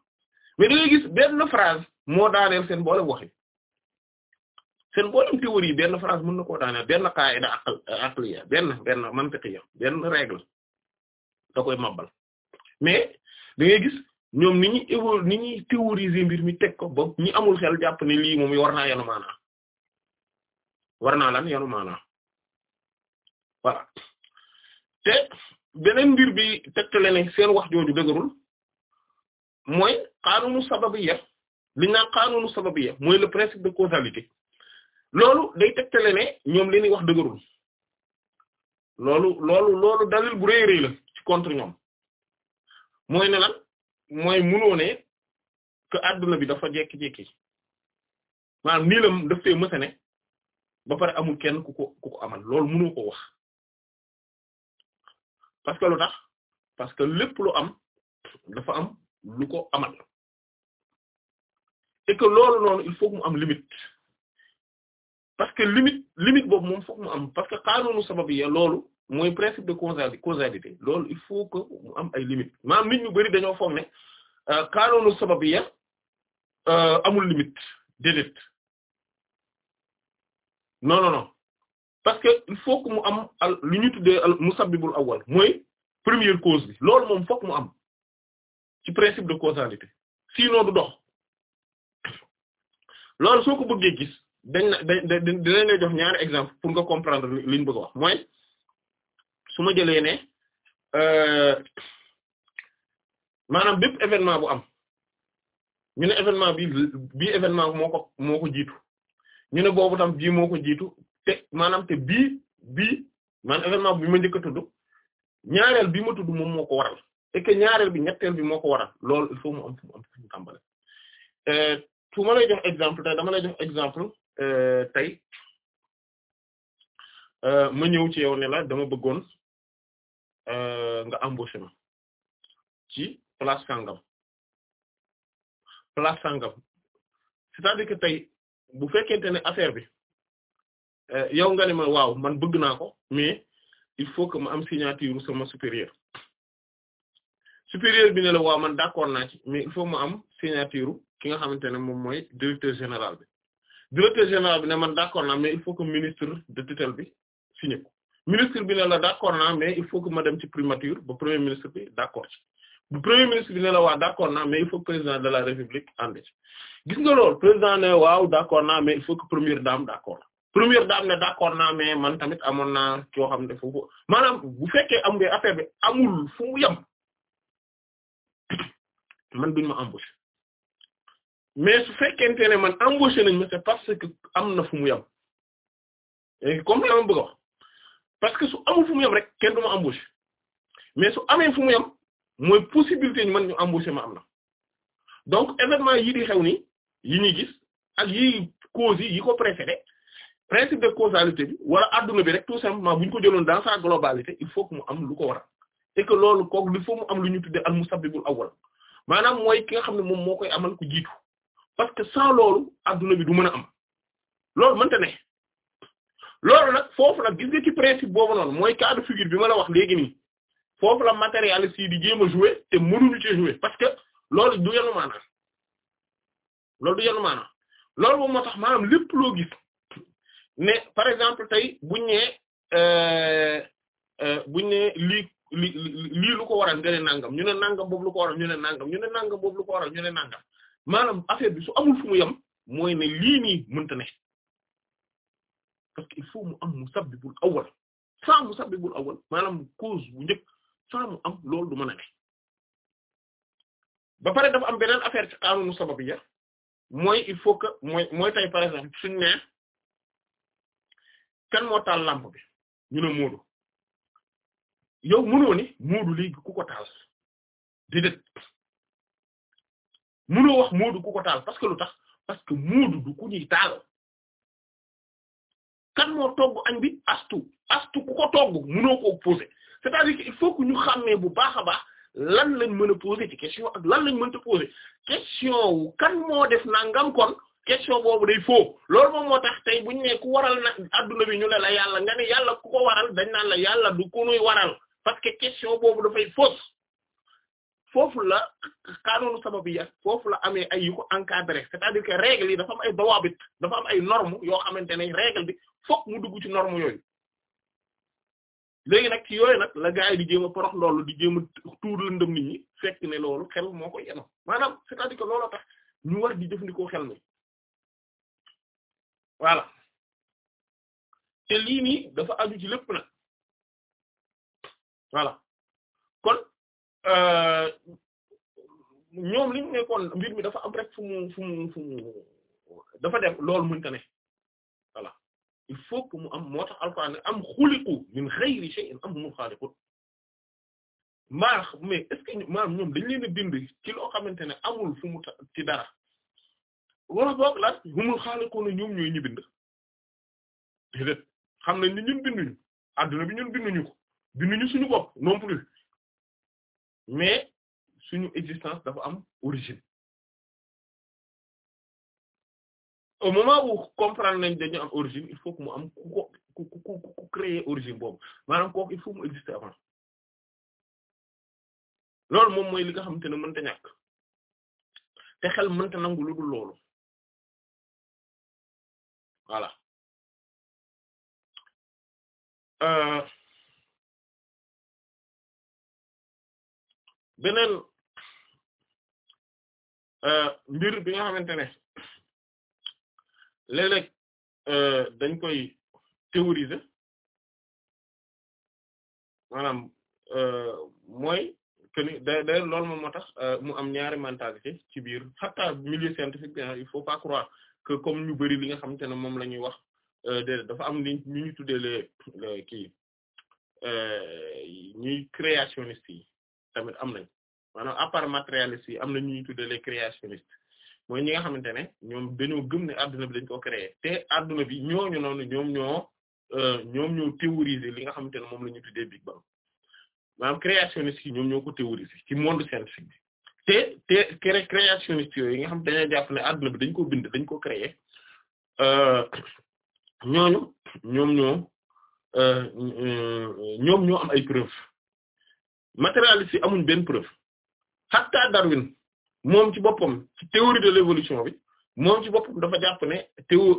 Speaker 1: mais da ngay gis benn phrase moo daaneel seen boolem wax yi seen boolem théorie yi benn phrase mën na koo daaneel benn qaida aqliya benn benn mantiqiya benn règle da koy mabal mais da ngay gis ñoom ni ñuy évo ni ñuy théoriser mbir mi teg ko ñi amul xel jàpp ne lii moom war naa yanu maanaa naa lan yanu maanaa voilà te beneen mbir bi tegtale ne seen wax jooju dëgërul mooy xaanunu sababiyya li ñu naan xaanunu sababiyya mooy le principe de causalité loolu day tegtale ne ñoom li wax dëgërul loolu loolu loolu dalil bu rëy rëy contre ñoom mooy ne lan mooy munoo ne que bi dafa jekki-jekki maanaam nii la daf fee mësa
Speaker 2: ba pare amul kenn ku ko ku ko amal loolu munoo ko wax parce que tax parce que lépp lu am dafa am lu ko amal
Speaker 1: et que loolu il faut que am limite parce que limite boobu moom foog mu am parce que xaanoonu sabab ya loolu mooy principe de causalité causalité loolu il faut que mu am ay limites maanaam nit ñu bari dañoo foog ne euh, kaanoonu sababiyya euh, amul limite déedéet non non non parce que il faut que mu am al lu ñu tuddee al musabbibul awwal mooy première cause bi loolu moom fokk mu am ci principe de causalité sinon du dox loolu soo ko bëggee gis dañ na dañ dañ lay jox ñaari exemple pour nga comprendre li ñu bëgg a wax mooy. su ma jëlee ne euh, maanaam bépp événement bu am ñu ne événement bi bii événement bi moo ko moo ko jiitu ñu ne boobu tam bii moo ko jiitu te maanaam te bii bi maan événement bi ma njëkk a ñaareel bi ma tudd moom moo ko waral et que ñaareel bi ñetteel bi moo ko waral loolu il faut mu am euh, ma lay jox exemple tey dama lay jox exemple euh, tey ma ñëw ci yow ne la dama bëggoon
Speaker 2: Euh, nga embauché ma ci place sangam
Speaker 1: place sangam c'est-à-dire que tey bu fekkente ne affaire bi euh, yow nga ne ma waaw man bëgg naa ko mais il faut que ma am signature sama supérieur supérieur bi ne la waaw man d'accord na ci mais il faut am ki nga xamante ne moom mooy directeur général bi directeur man d'accord naa mais que ministre de tutelle bi signé ministre bi ne la d'accord naa mais il faut que ma dem ci primature ba premier ministre bi d'accord ci la waa d'accord naa mais il faut que président de la république ànd ci gis nga loolu président ne waaw d'accord naa mais il faut que première dame d'accord première dame ne d'accord naa mais man tamit amoon naa yoo xam ne foofu maanaam bu fekkee am nga affaire bi amul fu mu man duñ ma embaucher mais su fekkente ne man embaucher nañ ma c'est parce que am na fu mu parce que su amul fu mu yem rek kenn du ma mais su amee fu mu mooy possibilité ñu mën ñu embauché ma am na donc événement yi di xew ni yi ñuy gis ak yi causes yi yi ko précédé principe de causalité bi wala adduna bi rek tout simplement bu ñu ko jëloon dans sa globalité il faut que mu am lu ko waral et que loolu kooku li faut mu am lu ñu tuddee al musabbibul awwal maanaam mooy ki nga xam ne moom moo koy amal ku jiitu parce que sans loolu adduna bi du mën a am loolu mënta ne loolu nag foofu nag gis nga ci principe boobu noonu mooy cas figir bi ma la wax léegi nii foofu la matérialiste yi di jéem a jouer te mënuñu ci jouer parce que loolu du yenu maanaam loolu du yenu maanaam loolu moom moo tax maanaam lépp loo gis ne par exemple tey buñ ne euh, euh, buñ ne lii li lii lu ko waral nga ne nangam ñu ne nangam boobu lu ko waral ñu ne nangam ñu ne nangam boobu lu ko waral ñu ne nangam maanaam affaire bi su amul fu mu mooy ne lii nii mënta parce que il faut mu am musabbibul awwal sans musabbibul awwal maanaam cause bu njëkk sans mu am loolu du mën ba pare dafa am beneen affaire ci
Speaker 2: qaanuunu sababiyya mooy il faut que mooy mooy tey par exemple suñu nee kan moo taal lampe bi ñu ne yow mënoo ni Moodu ku ko taal déedéet
Speaker 1: mënoo wax Moodu ku ko taal parce que lu tax parce que Moodu du ku ñuy taal. kan moo togg añ bi astu astu ku ko togg mënoo ko poser c'est-à-dire que il faut que ñu xàmmee bu baax a baax lan lañ mën a poser ci question ak lan lañ mënta poser question wu kan moo def ngam kon question boobu day faux loolu moom moo tax tey bu ñu nee ku waral na adduna bi ñu ne la yàlla nga ne yàlla ku ko waral dañ naan la yàlla du ku nuy waral parce que question boobu dafay fausse foofu la xaanoonu sababiyya foofu la amee ay yu ko encadré c'est-à-dire yi dafa am ay dawaabit dafa am ay normes yoo xamante ne règle bi fokk mu dugg ci normes yooyu léegi nag ci yooyu nag la gars yi di a porox loolu di jéem a tuur lëndëm nit ñi fekk ne loolu xel moo ko yeno maanaam c'est-à-dire que looloo tax ñu war di jëfandikoo xel mi voilà
Speaker 2: te lii nii dafa aju ci lépp nag voilà kon Euh, ñoom li ñu nekkoon mbir mi
Speaker 1: dafa am rek fu mu fu mu dafa dem loolu mënta ne il faut que mu am moo tax alquran am xuliqu min xayri shay'in am mu xaaliqu maax mais est-ce que ñoom dañ leen a bind ci loo xamante ne amul fu mu ci dara wala boog la humul xaaliqu ñoom ñooy ñu
Speaker 2: xam nañ ñun binduñu adduna bi ñun binduñu ko binduñu suñu bopp non plus mais suñu existence dafa am origine au moment où comprendre nañ dañu am origine il faut que mu am ku ko ku ku ku créer origine boobu maanaam kooku il faut mu exister avant loolu moom mooy li nga xamante ne mënta ñàkk te xel mënta nangu lu dul loolu voilà. Euh, beneen euh, mbir bi nga xamante ne léeg-léeg euh, dañ
Speaker 1: koy théoriser maanaam euh, mooy que ni day day loolu moom moo tax mu am ñaari mentalité ci biir xataa milieu scientifique bi il faut pas croire que comme ñu bari li nga xamante ne moom lañuy wax déedéet dafa am li ñu tuddee les kii ñuy créationniste yi tamit am nañ maana à part matérialiste yi am na ñuy tuddee les créationnistes mooy ñi nga xamante ne ñoom dañoo gëm ne adduna bi dañ ko créer te adduna bi ñooñu noonu ñoom ñoo euh, ñoom ñoo théoriser li nga xamante ne moom la ñu tuddee Big Bang maanaam créationniste yi ñoom ñoo ko théoriser ci monde scientifique bi te te cré créationniste yooyu nga xam dañoo jàpp ne adduna bi dañ ko bind dañ ko créer euh, ñooñu ñoom ñoo euh, ñoom ñoo am ay preuves matérialiste si amuñ benn preuve hatta Darwin moom ci boppam ci théorie de l'évolution bi moom ci boppam dafa jàpp ne théo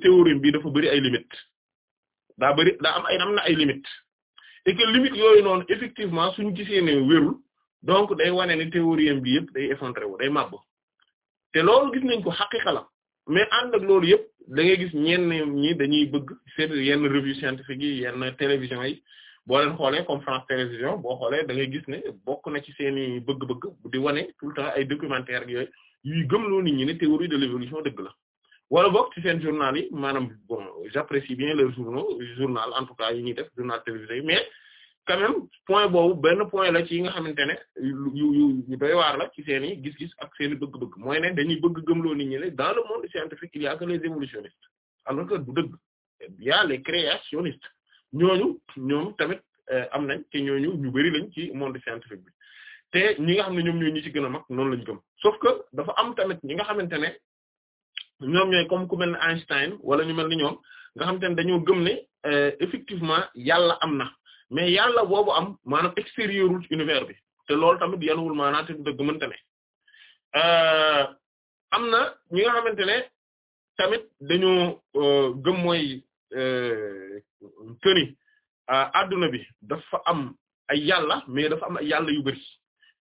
Speaker 1: théorie bi dafa bari ay limites daa bari daa am ay am na ay limites et que limites yooyu noonu effectivement suñu gisee ne wérul donc day wane ne théorie bi yëpp day effondré wo day màbb te loolu gis nañ ko xaqiqa la mais ànd ak loolu yëpp da ngay gis ñenn ñi dañuy bëgg seet yenn revue scientifique yi yenn télévision yi boo leen xoolee comme France Télévision boo xoolee da ngay gis ne bokk na ci seeni bëg bëgg di wane tout le temps ay documentaire yooyu yuy gëmloo nit ñi ne théorie de l'évolution dëgg la wala bo ci seen journal yi maanaam bon j'apprécie bien leurs journaux journal en tout cas yi ñuy def journal télévisé yi mais quand point boobu benn point la ci yi nga xamante ne yu yu doy waar la ci seeni gis-gis ak seeni bëgg-bëgg mooy ne dañuy bëgg gëmloo nit ñi ne dans le monde scientifique il y a que les dëgg il y a les ñooñu ñoom tamit euh, am nañ te ñooñu ñu bari lañ ci monde scientifique bi te ñi nga xam ne ñoom ñooy ñi ci gën a mag noonu lañ gëm sauf que dafa am tamit ñi nga xamante ne ñoom ñooy comme ku mel ne Einstein wala ñu mel ni ñoom nga xamante ne dañoo gëm ne euh, effectivement yàlla am na mais yàlla boobu am maanaam extérieur ul bi te loolu tamit yanuwul maanaam te dëgg mënte ne euh, am na ñi nga xamante ne tamit dañoo gëm mooy que ni euh, adduna bi fa am ay yàlla mais dafa am ay yàlla yu bari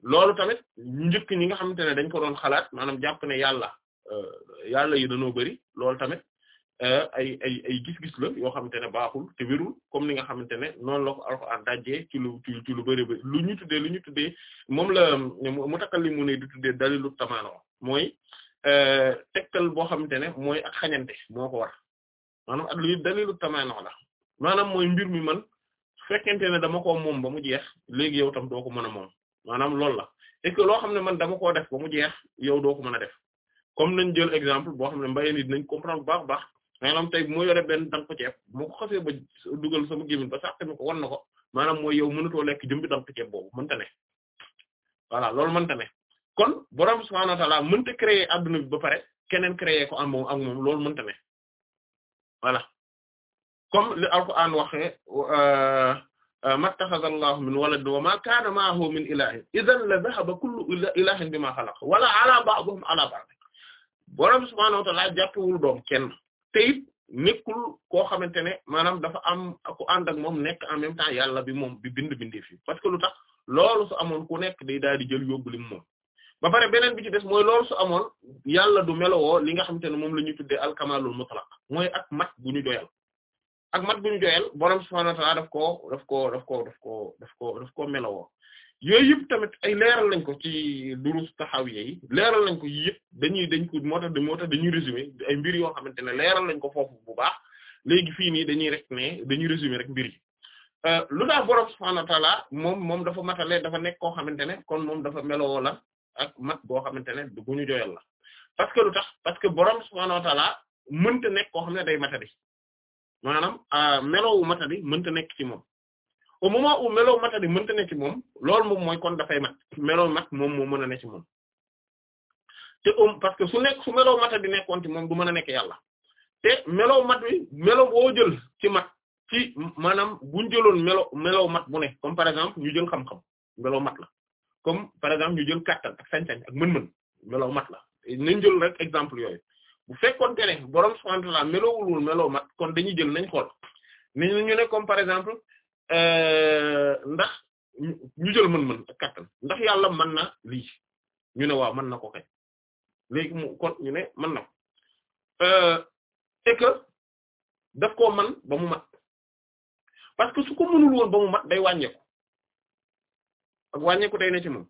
Speaker 1: loolu tamit ñu njëkk ñi nga xamante ne dañ ko doon xalaat maanaam jàpp ne yàlla euh, yàlla yi dañoo bari lool tamit euh, ay ay ay gis-gis la yoo xamante ne baaxul te wérul comme ni nga xamante ne noonu la ko Alxuraan dajee ci lu bari lu ñu tuddee lu ñu tuddee moom la mutakallimu ne di tuddee dalilu tamaano mooy tegtal boo xamante ne mooy ak xañante moo ko war maanaam ak lu dalilu tamaano la maanaam mooy mbir mi man su fekkente ne dama koo moom ba mu jeex léegi yow tam doo ko mën a moom maanaam loolu la et loo xam ne man dama koo def ba mu jeex yow doo ko mën a def comme nañ jël exemple boo xam ne mbayeen yi dinañ comprendre bu baax baax maanaam tey bu ma yore benn dank ceeb moo ko ba dugal sama gémmiñ ba sax tamit ko wan na ko maanaam mooy yow mënatoo lekk jëmbi dank ceeb boobu mënta ne voilà loolu mënta ne kon borom subhaanahu wa ta'aala mënta créer adduna bi ba pare keneen créer ko am moom lool moom loolu ne voilà comme li alquran waxee euh, euh, mattaxaza allahu min walad wa ma kaana maahu min ilahin idan la dhahaba kullu ilahin bima xalaq wala ala ba'dihim ala ba'd borom subhaanahu wa ta'ala jàppewul doom kenn te it nekkul koo xamante ne maanaam dafa am ku ànd ak moom nekk en même temps yàlla bi moom bi bind bindee fi parce que lu tax loolu su amoon ku nekk day daal di jël yóbbu lim moom ba pare beneen bi ci des mooy loolu su amoon yàlla du melowoo li nga xamante ne moom la ñuy tuddee alkamalul mutlaq mooy ak mat bu ñu doyal ak mat bu ñu joyal borom subhaanahu wa ta'aala daf koo daf koo daf koo daf koo daf koo daf koo melowoo yooyu tamit ay leeral lañ ko ci durus taxawiya yi leeral lañ ko yëpp dañuy dañ ko moo tax moo tax dañuy résumer ay mbir yoo xamante ne leeral lañ ko foofu bu baax léegi fii nii dañuy rek ne dañuy résumer rek mbir euh, lu tax borom subhaanahu wa moom moom dafa matale dafa nekk koo xamante ne kon moom dafa melowoo la ak mat boo xamante ne du bu ñu joyal la parce que lu tax parce que borom subhaanahu wa ta'aala mënta nekk koo xam ne day matadi maanaam ah, melowu matadi mënta nekk ci moom au moment où melow matadi mënta nekk ci moom lool moom mooy kon dafay mat melow mat moom moo mën a nekk ci moom te parce que su nekk su melow matadi nekkoon ci moom du mën a nekk yàlla te melow mat wi melow boo jël ci mat ci maanaam buñ jëloon melo melow mat bu ne comme par exemple ñu jël xam-xam melow mat la comme par exemple ñu jël kàttan ak sañ-sañ ak mën-mën melow mat la nañ jël rek exemple yooyu bu fekkoon te ne borom subhanahu wa ta'ala meloowul mat kon dañuy jël nañ xool ni ñu ne comme par exemple euh, ndax ñu jël mën-mën ak kattan ndax yàlla mën na lii ñu ne waaw mën na ko kay léegi mu kon ñu ne man na ko euh, c'est que daf koo mën ba mu mat parce que su ko mënul woon mat day wàññeeku ak wàññeeku day ne ci moom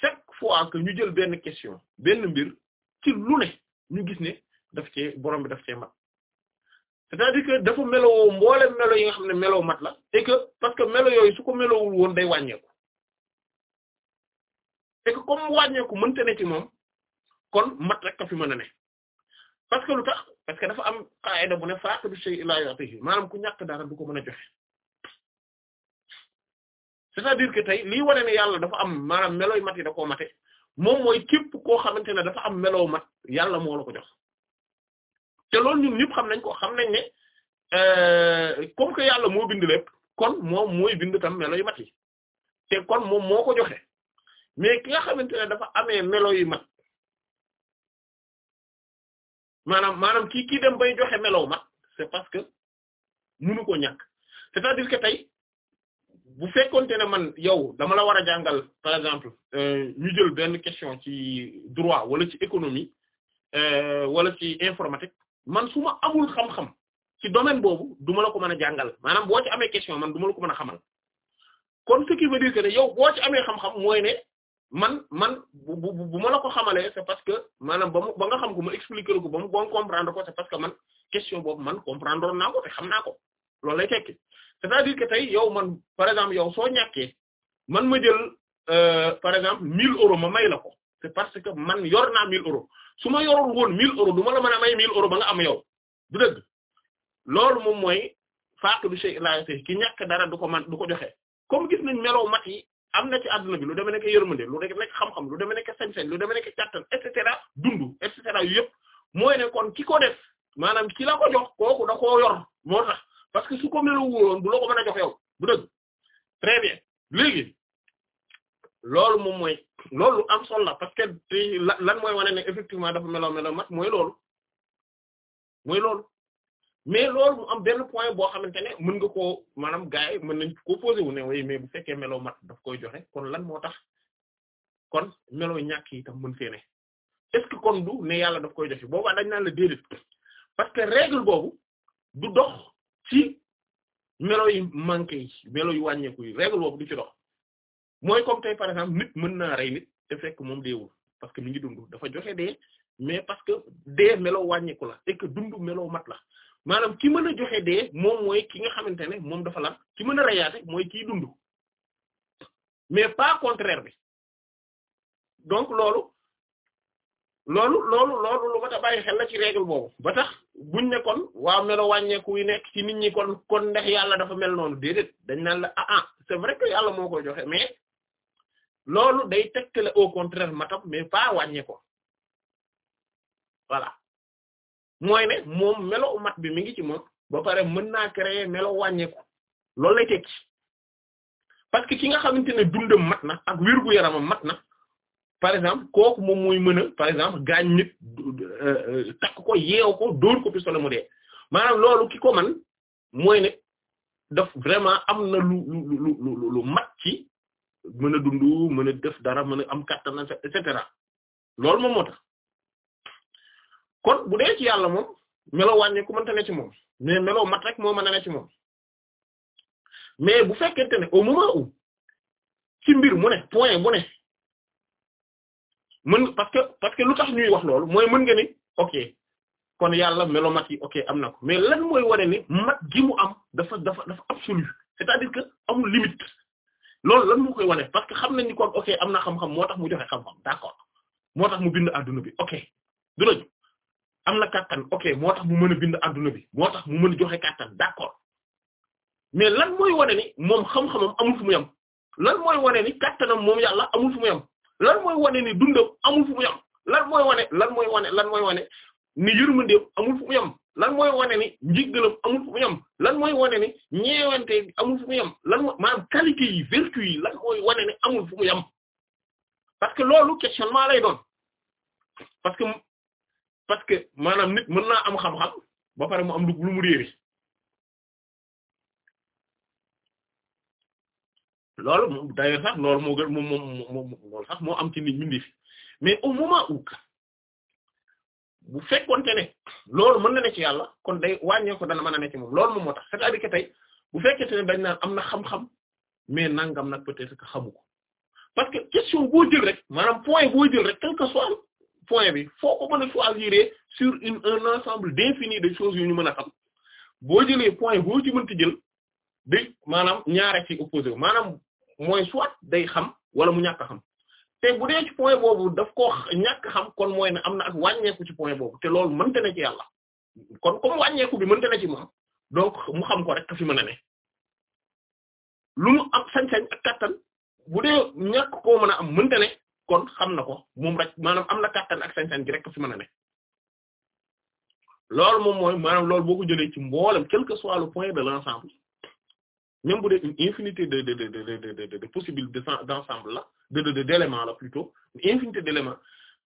Speaker 1: chaque fois que ñu jël benn question benn mbir ci lu ñu gis ne daf cee borom bi daf cee mat c'est-à-dire que dafa melowoo mboolem melo yi nga xam ne meloo mat la et que parce que melo yooyu su ko melowul woon day wàññeeku et que comme wàññeeku mënta ne ci moom kon mat rek ka fi mën a ne parce que lu tax parce que dafa am qaida bu ne faqidu shay'i la yu'tihi maanaam ku ñàkk dara du ko mën a joxe c'est-à-dire que tey lii wane ne yàlla dafa am maanaam melo yu mat yi da mate moom mooy képp koo xamante ne dafa am meloo mat yàlla moo la ko jox te loolu ñun xam nañ ko xam nañ ne euh, comme que yàlla moo bind lépp kon moom mooy bind tam melo yu yi te kon moom moo ko joxe mais ki nga xamante ne dafa ame melo yu mat
Speaker 2: maanaam maanaam kii kii dem bay joxe melo mat c'est parce que
Speaker 1: mënu ko c'est-à-dire que tey bu fekkonte ne man yow dama la war a jàngal par exemple euh, ñu jël benn question ci droit wala ci économie euh, wala ci informatique man su ma amul xam-xam ci domaine boobu duma ma la ko mën a jàngal maanaam boo ci amee question man du ma la ko mën a xamal kon ce qui veut dire que ne yow boo amee xam-xam mooy ne man man bu bu bu ma la ko xamalee c'est parce que maanaam ba mu ba nga xam ko ma expliquer ko ba mu bon comprendre ko c'est parce que man question boobu man comprendre naa ko xam naa ko loolu lay tekki c'est-à-dire que tey yow man par exemple yow soo ñàkkee man ma jël euh, par exemple 1000 euros ma may la ko c'est parce que man yor naa 1000 euros su ma yorul woon 1000 euros du ma la mën a may 1000 euros ba nga am yow du dëgg loolu moom mooy faatu shay la ki ñàkk dara du ko man du ko joxe comme gis nañ meloo mat am na ci àdduna bi lu deme nekk yërmande lu deme nekk xam-xam lu deme nekk sañ-sañ lu deme nekk càttan et cetera dund et cetera yëpp mooy ne kon ki ko def maanaam da koo yor moo parce que su ko melo wóoroon du la ko mën bu dëgg très bien léegi loolu moom mooy loolu am solo la parce que lan mooy wane ne effectivement dafa melo melo mat moy loolu loolu mais loolu mu am benn point boo xamante ne mën nga koo maanaam gars yi mën nañ ko posé wu ne mais bu fekkee melo mat daf koy joxe kon lan moo tax kon melo ñàkk yi tam mën fee ne est-ce que kon du ne yàlla daf koy joxe boobaa dañ naan la déedéet parce que règle boobu du dox ci melo yu manqué yi melo yu wàññeeku yi règle bu du ci dox mooy comme tey par exemple nit mën naa rey nit te fekk moom deewul parce que mi ngi dund dafa joxe dee mais parce que dee melo wàññeeku la et que dund melo mat la maanaam ki mën a joxe dee moom mooy ki nga xamante ne moom dafa lan ki mën a reyaate mooy kiy dund mais pas contraire bi donc loolu loolu loolu loolu lu mat a bàyyi xel la ci règle boobu ba tax buñ ne waaw melo wàññeeku yi nekk ci nit ñi kon kon ndax yàlla dafa mel noonu déedéet dañ naan la a ah, ah c'est vrai que yàlla moo koy joxe mais loolu day tekkale au contraire matam mais pas wàññe ko voilà mooy ne moom melo mat bi mi ngi ci moom ba pare mën naa créer melo wàññeeku loolu lay tekki parce que ki nga xamante dundam mat na ak wér gu yaramam mat na par exemple kooku moom moy mën a par exemple gaañ nit takk ko yeew ko dóor ko pistolet mu dee maanaam loolu ki ko man mooy ne daf vraiment am na lu lu lu lu mat ci mën a dund mën a def dara mën a am kattan et cetera loolu moom moo kon bu dee ci yàlla moom meloo wàññi ku mënta ne ci moom mais meloo mat rek moo mën a na ci moom mais bu fekkente ne au moment où ci mbir mu point bu mën parce que parce que lu tax ñuy wax loolu mooy mën nga ni ok kon yàlla melo mat yi ok am na ko mais lan mooy wane ni mat gi mu am dafa dafa dafa absolu amul limite loolu lan moo parce que xam nañ ni kon ok am na xam-xam moo tax mu joxe xam-xam d'accord moo tax mu bind adduna bi ok du lañu am na kàttan ok moo tax mu mën a bind adduna bi moo tax mu mën joxe kàttan d'accord mais lan mooy wane ni moom xam-xamam amul fu mu yem lan mooy wane ni kàttanam moom yàlla amul fu mu yem lan mooy wane ne dundam amul fu mu yem lan mooy wane lan mooy wane lan mooy wane ni yërmandeem amul fu mu yem lan mooy wane ni njiggalam amul fu mu yem lan mooy wane ni ñeewante amul fu mu yem lan mooy maanaam qualité yi vertu yi mooy wane amul fu mu yem parce que loolu questionnement lay doon parce que maanaam nit mën naa am xam-xam ba pare mu am lu mu réeri loolu moom d'ailleurs sax loolu moo gën moom moom loolu sax moo am ci nit ñi fi mais au moment où bu fekkonte ne loolu mën na ne ci yàlla kon day wàññee ko dana mën a ne ci moom loolu moom moo tax c'est-à-dire que tey bu fekkente ne dañ naan am na xam-xam mais nangam nag peut-être que xamu ko parce que question boo jël rek maanaam point boo jël rek quel que soit point bi foo ko mën a choisir sur une un ensemble défini de choses yu ñu mën a xam boo jëlee point boo ci mënti jël day maanaam ñaare ci opposé maanaam mooy soit day xam wala mu ñàkk xam te bu ci point boobu daf ko ñàkk xam kon mooy ne am na ak wàññeeku ci point boobu te loolu mënte na ci yàlla kon comme wàññeeku bi na ci moom donc mu ko rek mu am sañ-sañ ak kattan bu dee ñàkk koo mën a am kon xam na ko moom rek maanaam am na kattan ak sañ-sañ gi rek fi a ne loolu moom mooy maanaam lool boo ko jëlee ci mboolem quel soit le point de l'ensemble même bu dee une infinité de de de de de de possibilités la de de d'éléments la plutôt infinité d'éléments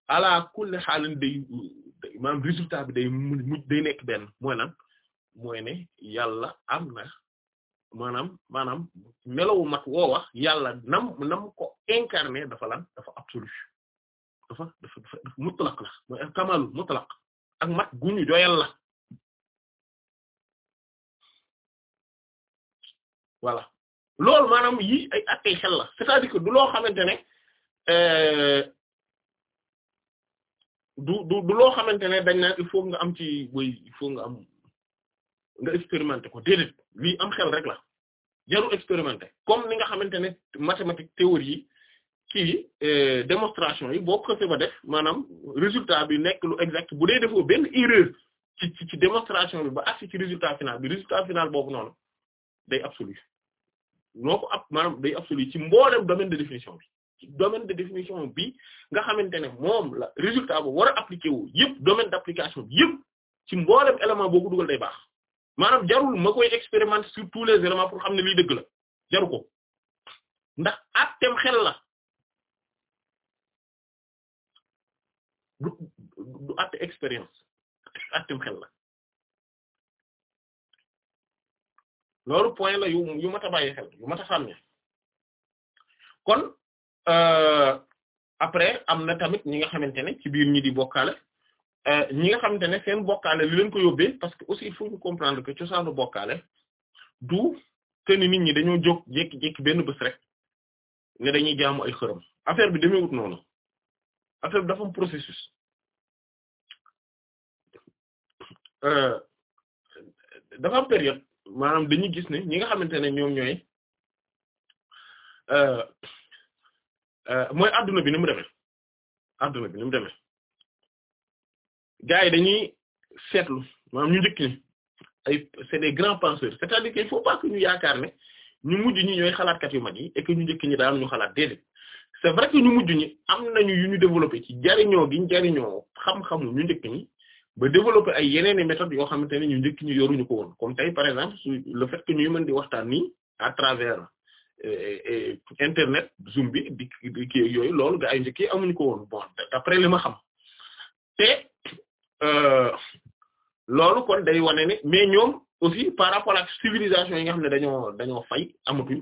Speaker 1: ala kulli xaalan day maanaam résultat day mujj day nekk benn mooy na mooy ne yàlla am na maanaam maanaam melawu mat woo wax yàlla nam nam ko incarné dafa lan dafa absolu dafa dafa dafa la
Speaker 2: mooy kamalul ak mat guñu doyal la voilà loolu maanaam yi ay attey xel la
Speaker 1: c'est-à-dire que du loo xamante ne euh, du du loo xamante ne dañ naan il faut nga am ci boy il nga am nga expérimenter ko déedéet lii am xel rek la jaru expérimenter comme ni nga xamante ne mathématique théorie yi kii euh, démonstration yi boo ko ba def maanaam résultat bi nekk lu exact bu dee defoo benn erreur ci ci démonstration bi ba agsi ci résultat final bi résultat final boobu noonu day absolu noo ko ab maanaam day absolu ci mboolem domaine de définition bi ci domaine de définition bi nga xamante ne moom la résultat bu war a appliqué wu yëpp domaine d'application bi yëpp ci mboolem élément boo ko dugal day baax maanaam jarul ma koy expérimenter surtout les éléments pour xam ne liy dëgg la jaru ko ndax
Speaker 2: àtteem xel la du du expérience àtteem xel la
Speaker 1: loolu point la yu yu mat a bàyyi xel yu mat a kon euh, après am na tamit ñi nga xamante ne ci ñi di bokkaale euh, ñi nga xamante ne seen bokkaale li leen ko yóbbee parce que aussi il faut ñu comprendre que cosaanu bokkaale du te ni nit ñi dañoo jóg jékki-jékki benn bés rek ne dañuy jaamu ay xërëm affaire bi demewut noonu affaire bi dafa am
Speaker 2: euh, dafa
Speaker 1: période maanaam dañuy gis ne ñi nga xamante ne ñoom ñooy euh, euh, mooy adduna bi ni mu demee adduna bi ni mu demee gars yi dañuy seetlu maanaam ñu njëkk ni ay c'est des grands penseurs c'est-à-dire qu'il faut pas que ñu yaakaar ne ñu mujj ñi ñooy xalaatkat yu mag yi et ñu njëkk ñi daal ñu xalaat déedéet c'est vrai que ñu mujj ñi am nañu yu ñu développé ci jariñoo gi jariñoo xam-xamu ñu njëkk ñi ba développer ay yeneen i méthodes yoo xamante ne ñu njëkk ñu yoruñu ko woon comme tey par exemple su le fait que ñuy mën di waxtaan nii à travers euh, euh, euh, internet zoom bi di di kii yooyu loolu ga ay njëkk yi ko woon bon après li ma xam te loolu kon day wane ne mais ñoom aussi par rapport ak civilisation yi nga xam ne dañoo dañoo fay amatuñ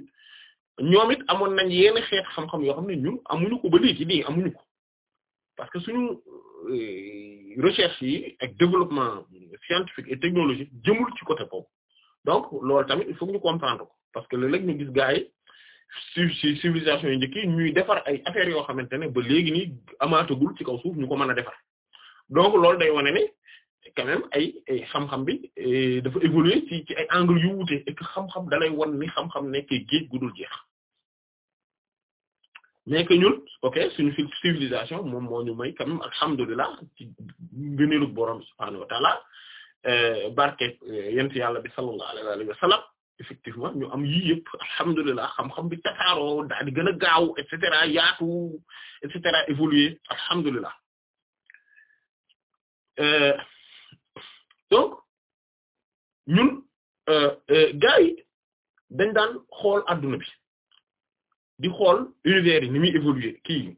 Speaker 1: ñoom amoon nañ yenn xeet yoo xam ne ñun amuñu ko ba léegi nii amuñu ko parce que suñu Euh, recherche yi ak développement scientifique et technologique jëmul ci côté boobu donc loolu tamit il faut ñu comprendre ko parce que léeg-léeg ñu gis gars yi ci civilisation yi njëkk yi ñuy defar ay affaires yoo xamante ne ba léegi nii amaatagul ci kaw suuf ñu ko mën a defar donc loolu day wane ne quand même ay xam-xam bi euh, dafa évoluer ci ci ay angle yu wuute et que xam-xam dalay wan xam-xam nekkee géej gu dul jeex mais que ñun ok suñu civilisation moom moo ñu may quand même alhamdulilah ci gëneelu borom subhaanahu wa taala euh, barke euh, yent yàlla bi sallallahu alayhi wa effectivement ñu am yii yëpp alhamdulilah xam-xam bi tasaaroo daal di gën a gaaw et cetera yaatu et cetera évoluer alhamdulilah
Speaker 2: euh, donc
Speaker 1: ñun gars yi dañ daan xool adduna bi. di xool univers yi ni muy évoluer kii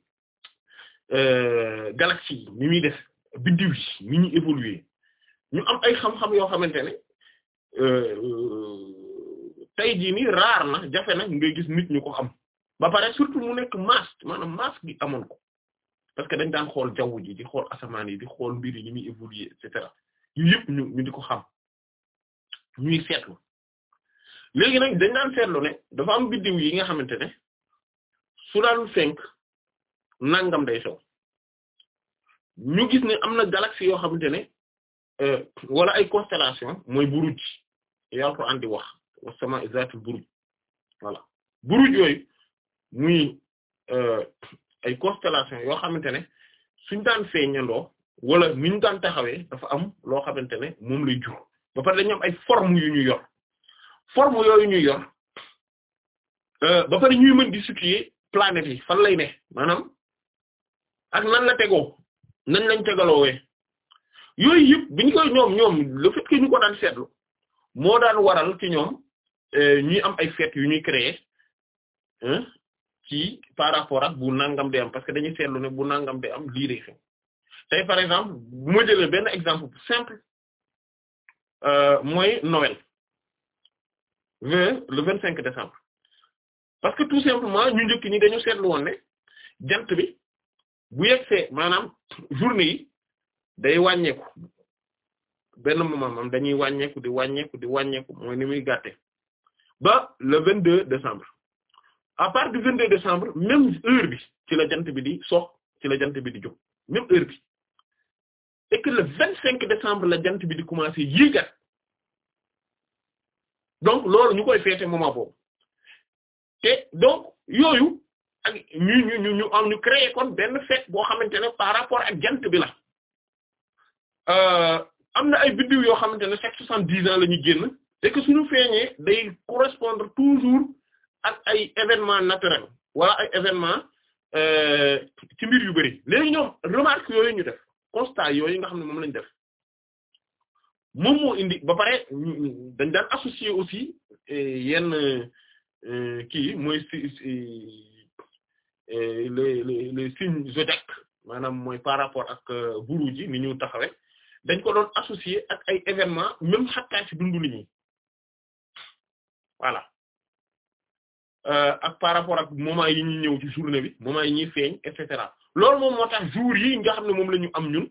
Speaker 1: euh, galaxie yi ni muy def biddiw ni ñuy évoluer ñu am ay xam-xam yoo xamante ne euh, tey jii nii raar na jafe na ngay gis nit ñu ko xam ba pare surtout mu nekk masse maanaam masse bi amoon ko parce que dañ daan xool jaww ji di xool asamaan yi di xool mbir yi ni muy évoluer et cetera yu yëpp ñu ñu di ko xam ñuy seetlu léegi nag dañ daan seetlu ne dafa am biddiw yi nga xamante ne su daan fenk nangam day xew ñu gis ne am na galaxie yoo xamante ne euh, wala ay constellation mooy buruj yàlla ko andi wax wa sama zaatul buruj voilà buruj yooyu muy euh, ay constellation yoo xamante ne suñ daan feeñandoo wala ni daan taxawee dafa am loo xamante ne moom lay jur ba pare dañu am ay forme yu ñu yor forme yooyu ñu yor euh, ba pare ñuy mën di planètes yi fan lay ne maanaam ak nan la tegoo nan lañ tegaloowee yooyu yëpp bi ñu koy ñoom ñoom le fait que ñu ko daan seetlu moo daan waral ci ñoom euh, ñuy am ay fête yu ñuy créer ci par rapport ak bu nangam day am parce que dañuy seetlu ne bu nangam day am lii day xew par exemple bu ma jëlee benn exemple simple euh, mooy Noël le le vingt cinq décembre parce que tout simplement ñu njëkk ñi dañu seetlu woon ne jant bi bu yegsee maanaam journée yi day wàññeeku benn moment moom dañuy wàññeeku di wàññeeku di wàññeeku mooy ni muy gàtte ba le 22 décembre à partir du 22 décembre même heure bi ci la jant bi di soo ci la jant bi di jóg même heure bi et que le 25 décembre la jant bi di commencer yéegat donc loolu ñu koy féete moment boobu. te donc yooyu ak ñu ñu ñu ñu am ñu créé kon benn fête boo xamante ne par rapport ak jant bi la euh, am na ay biddiw yoo xamante ne chaque soixante dix ans la ñu génn c'est que suñu feeñee day correspondre toujours ay événement naturels wala ay événement euh, ci mbir yu bari léegi ñoom remarque yooyu ñu def constat yooyu nga xam ne moom lañ def moom moo indi ba pare dañ daan associer aussi euh, yenn kii euh, mooy si euh, les les les signes zodiaques maanaam mooy par rapport ak euh, buru ji ni ñu taxawe dañ ko doon associé ak ay événements même xattaa ci dundu nit ñi voilà ak par rapport ak moment yi ñuy ñëw ci journée bi moment yi ñi feeñ et cetera loolu moom moo tax jour yi nga xam ne moom la ñu am ñun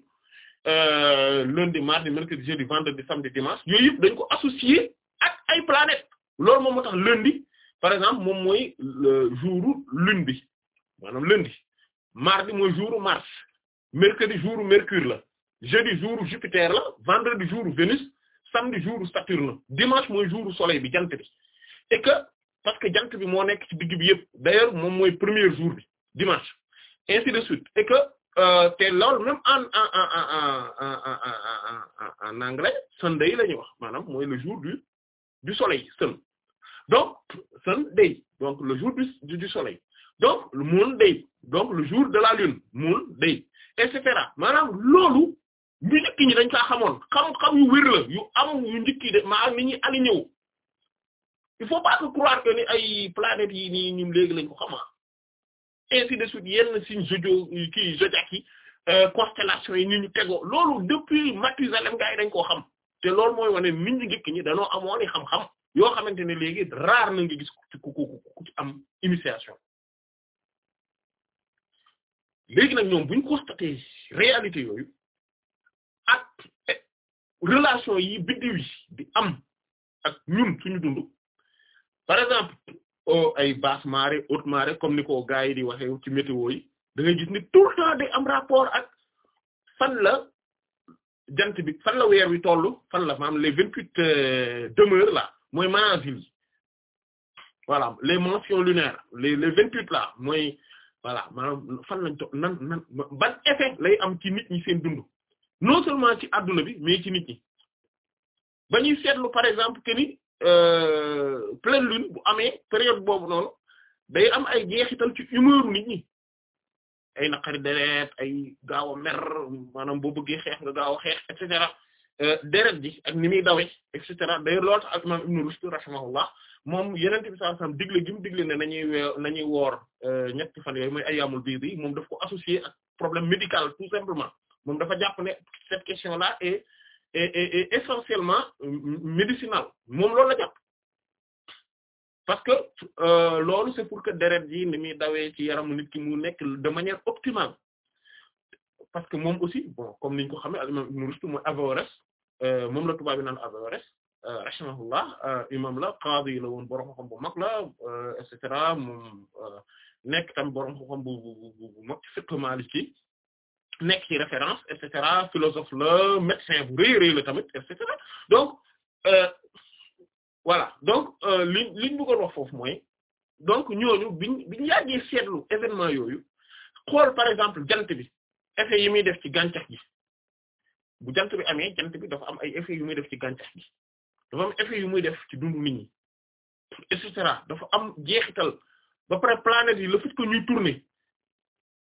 Speaker 1: lundi mardi mercredi jeudi vendredi samedi dimanche yooyu yëpp dañ ko associé ak ay planètes loolu moom moo tax lundi par exemple moom mooy jouru lune bi maanaam lundi mardi mooy jouru mars mercredi jouru mercure la jeudi jouru jupiter la vendredi jouru Vénus samedi jouru saturne la dimanche mooy jouru soleil bi jant bi et que parce que jant bi moo nekk ci bi yëpp d'ailleurs moom mooy premier jour bi dimanche ainsi de suite et que te loolu même en en en en en en en anglais Sunday la ñuy wax maanaam mooy le jour du du soleil seul donc sun day donc le jour du du soleil donc moon day donc le jour de la lune moon day et cetera maanaam loolu ñu njëkk dañ kaa xamoon xam-xam yu wér la yu am yu njëkk de maanaam ni ñuy aligné wu il faut pas que croire que ay planètes yi nii ñun léegi lañ ko xamaa ainsi de suite yenn signes zodiac kii zodiac yi euh, constellation yi ni ñu tegoo loolu depuis Mathusalem gars yi dañ koo xam te loolu mooy wane nit ñi njëkk ñi danoo amoon i xam-xam yoo xamante ne léegi raar na nga gis ku ku ku ci am initiation léegi nag ñoom bu ñu réalité yooyu ak relation yi biddiw yi di am ak ñun suñu dund par exemple oh, ay basse marée haute marée comme ni ko gars yi di waxee ci météo yi da ngay gis ni tout temps day am rapport ak fan la jant bi fan la weer wi toll fan la maanaam les vingt-huit euh, demeures là mooy manazil yi voilà les mentions lunaires les vingt-huit là mooy voilà maanaam fan lañ to nan nan ban effet lay am ci nit ñi seen dund non seulement ci adduna bi mais ci nit ñi ba ñuy seetlu par exemple que ni euh, pleine lune bu amee période boobu noonu day am ay jeexital ci humeur nit ñi ay naqari deret ay gaaw mer maanaam boo bëggee xeex nga gaaw a xeex et Euh, deret ji ak ni muy dawe et cetera lool tax ak imam Ibn Rushd moom yeneen bi sallallahu alayhi wasallam digle gi digle ne nañuy w nañuy woor euh, ñetti fan yo mooy ayyamul biid yi moom daf ko associé ak problème médical tout simplement moom dafa jàpp ne cette question là est est essentiellement euh, médicinale moom loolu la jàpp parce que loolu c'est pour que deret ji ni muy dawee ci yaram nit ki mu nekk de manière optimale parce que moom aussi bon comme niñ ko xamee al imam Ibn Rushd euh, moom la tubaab bi naan Averroès euh, rahimahullah euh, imam la qaadi la woon borom xam bu mag la et cetera moom nekk tam borom xam bu bu bu mag ci nekk ci référence et cetera philosophe la médecin bu la tamit et cetera donc voilà donc li liñ bëggoon wax foofu mooy donc ñooñu biñ biñ yàggee seetlu événement yooyu xool par exemple jant bi effet yi muy def ci gàncax gi bu jant bi amee jant bi dafa am ay effet yu muy def ci gàncax gi dafa am effet yu muy def ci dundu nit ñi et cetera dafa am jeexital ba pare planète yi le fait ñuy tourner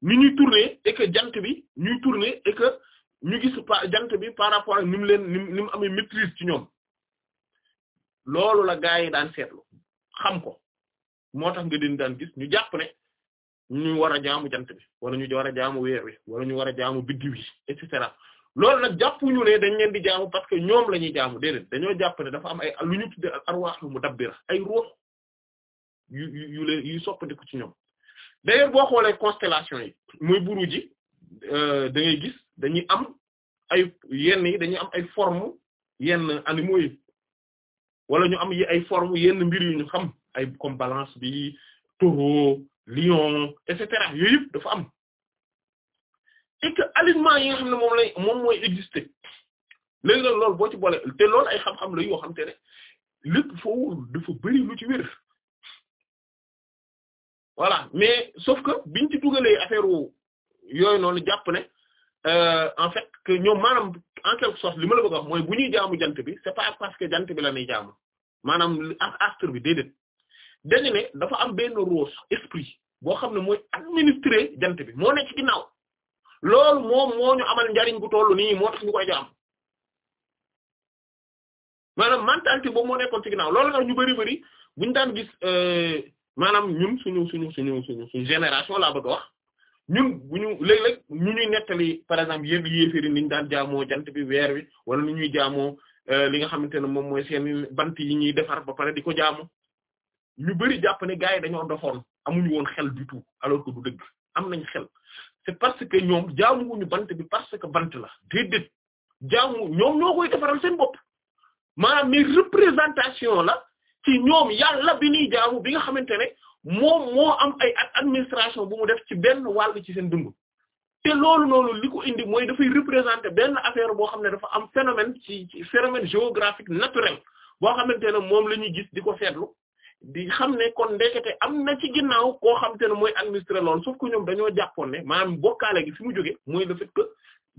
Speaker 1: ni ñuy tourner et jant bi ñuy tourner et que ñu gis jant bi par rapport ak ni leen ni mu amee maîtrise ci ñoom loolu la gaa yi daan seetlu xam ko moo tax nga din daan gis ñu jàpp ne ñu war a jaamu jant bi wala ñu war a jaamu weer wi wala ñu war a jaamu biddiw yi et loolu nag jàppuñu ne dañ leen di jaamu parce que ñoom la ñuy jaamu déedéet dañoo jàpp ne dafa am ay lu ñu tudde arwaax mu dabbira ay ruux yu yu leen yu soppandiku ci ñoom d'ailleurs boo xoolee constellation yi muy buru ji euh, da gis dañuy am ay yenn yi dañuy am ay forme yenn animaux yi wala ñu am yi ay forme yenn mbir yu ñu xam ay comme balance bi taureau lion et cetera yooyu yëpp dafa am et que alignement yi xam ne moom lay moom mooy exister léegi nag loolu boo ci boole te loolu ay xam-xam la yoo xam te ne
Speaker 2: lépp foofu dafa bari lu ci wér
Speaker 1: voilà mais sauf que biñ ci dugalee affaire yooyu noonu jàpp ne euh, en fait que ñoom maanaam en quelque sorte li ma la bëgg a mooy bu ñuy jaamu jant bi c'est pas parce que jant bi la ñuy jaamu maanaam astre bi déedéet dañu ne dafa am benn ruux esprit boo xam ne mooy administrer jant bi moo nekk ci ginnaaw loolu moom moo ñu amal njariñ bu tollu nii moo tax ñu koy jaam maanaam mentalité boobu moo nekkoon ci ginnaaw lool nag ñu bari bari bu ñu daan gis euh, maanaam ñun suñu suñu suñu suñu suñu génération laa bëgg a wax ñun bu ñu léeg-léeg ñu ñuy nettali par exemple yéen yéeféeri ni ñu daan jaamoo jant bi weer wi wala ni ñuy jaamoo euh, li nga xamante ne moom mooy seen bant yi ñuy defar ba pare di ko jaamu ñu bëri jàpp ne gars yi dañoo doxoon amuñu woon xel du tout alors que du dëgg am nañ xel c'est parce que ñoom jaamuwuñu bant bi parce que bant la déedéet jaamu ñoom ñoo koy defaral seen bopp maanaam ni représentation la ci ñoom yàlla bi ñuy jaamu bi nga xamante ne moom moo am ay administration bu mu def ci benn wàll ci seen dund te loolu noonu li ko indi mooy dafay représenter benn affaire boo xam ne dafa am phénomène ci phénomène géographique naturel boo xamante ne moom la ñuy gis di ko seetlu di xam ne kon ndekete am na ci ginnaaw koo xam te ne mooy administré loolu sauf que ñoom dañoo jàppoon ne maanaam bokkaale gi fi mu jóge mooy le fait que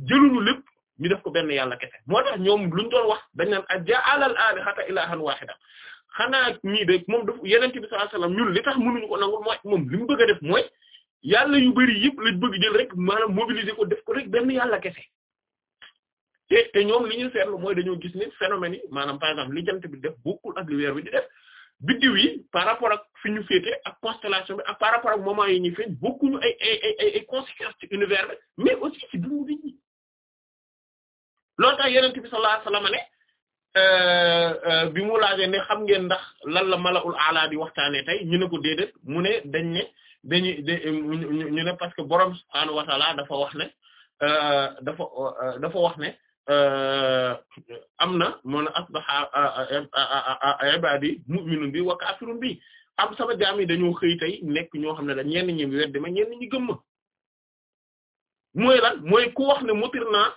Speaker 1: jëluñu lépp ñu def ko benn yàlla kese moo tax ñoom luñ wax dañ naan aja'alal alihata ilahan wahida xanaa ñii de moom daf yeneen bi sallallahu alayhi wasallam ñun li mënuñu ko nangul mooy moom li mu bëgg def mooy yàlla yu bari yëpp lañ bëgg jël rek maanaam mobiliser ko def ko rek benn yàlla kese te te ñoom li ñu seetlu mooy dañoo gis ne phénomène yi maanaam par exemple li jant bi def bokkul ak li weer wi di def biddiw yi par rapport ak fi ñu féete ak constellation bi ak par rapport ak moment yi ñuy feeñ bokkuñu ay ay ay ay conséquences univers bi mais aussi ci dundu nit ñi loolu tax yonent bi sallallahu alayhi wasallam ne euh, euh, bi mu laajee ne xam ngeen ndax lan la malaul ala di waxtaanee tey ñu ne ko déedéet mu ne dañ ne ñu ne parce que borom subhaanahu wa ta'ala dafa wax ne euh, dafa dafa wax ne. Euh, am na moona asbaha ibadi mu'minun bi wa kafirun bi am sama jaam yi dañoo xëy tey nekk ñoo xam ne la ñenn ñi weddi ma ñenn ñi gëm ma mooy lan mooy ku ne mutir naa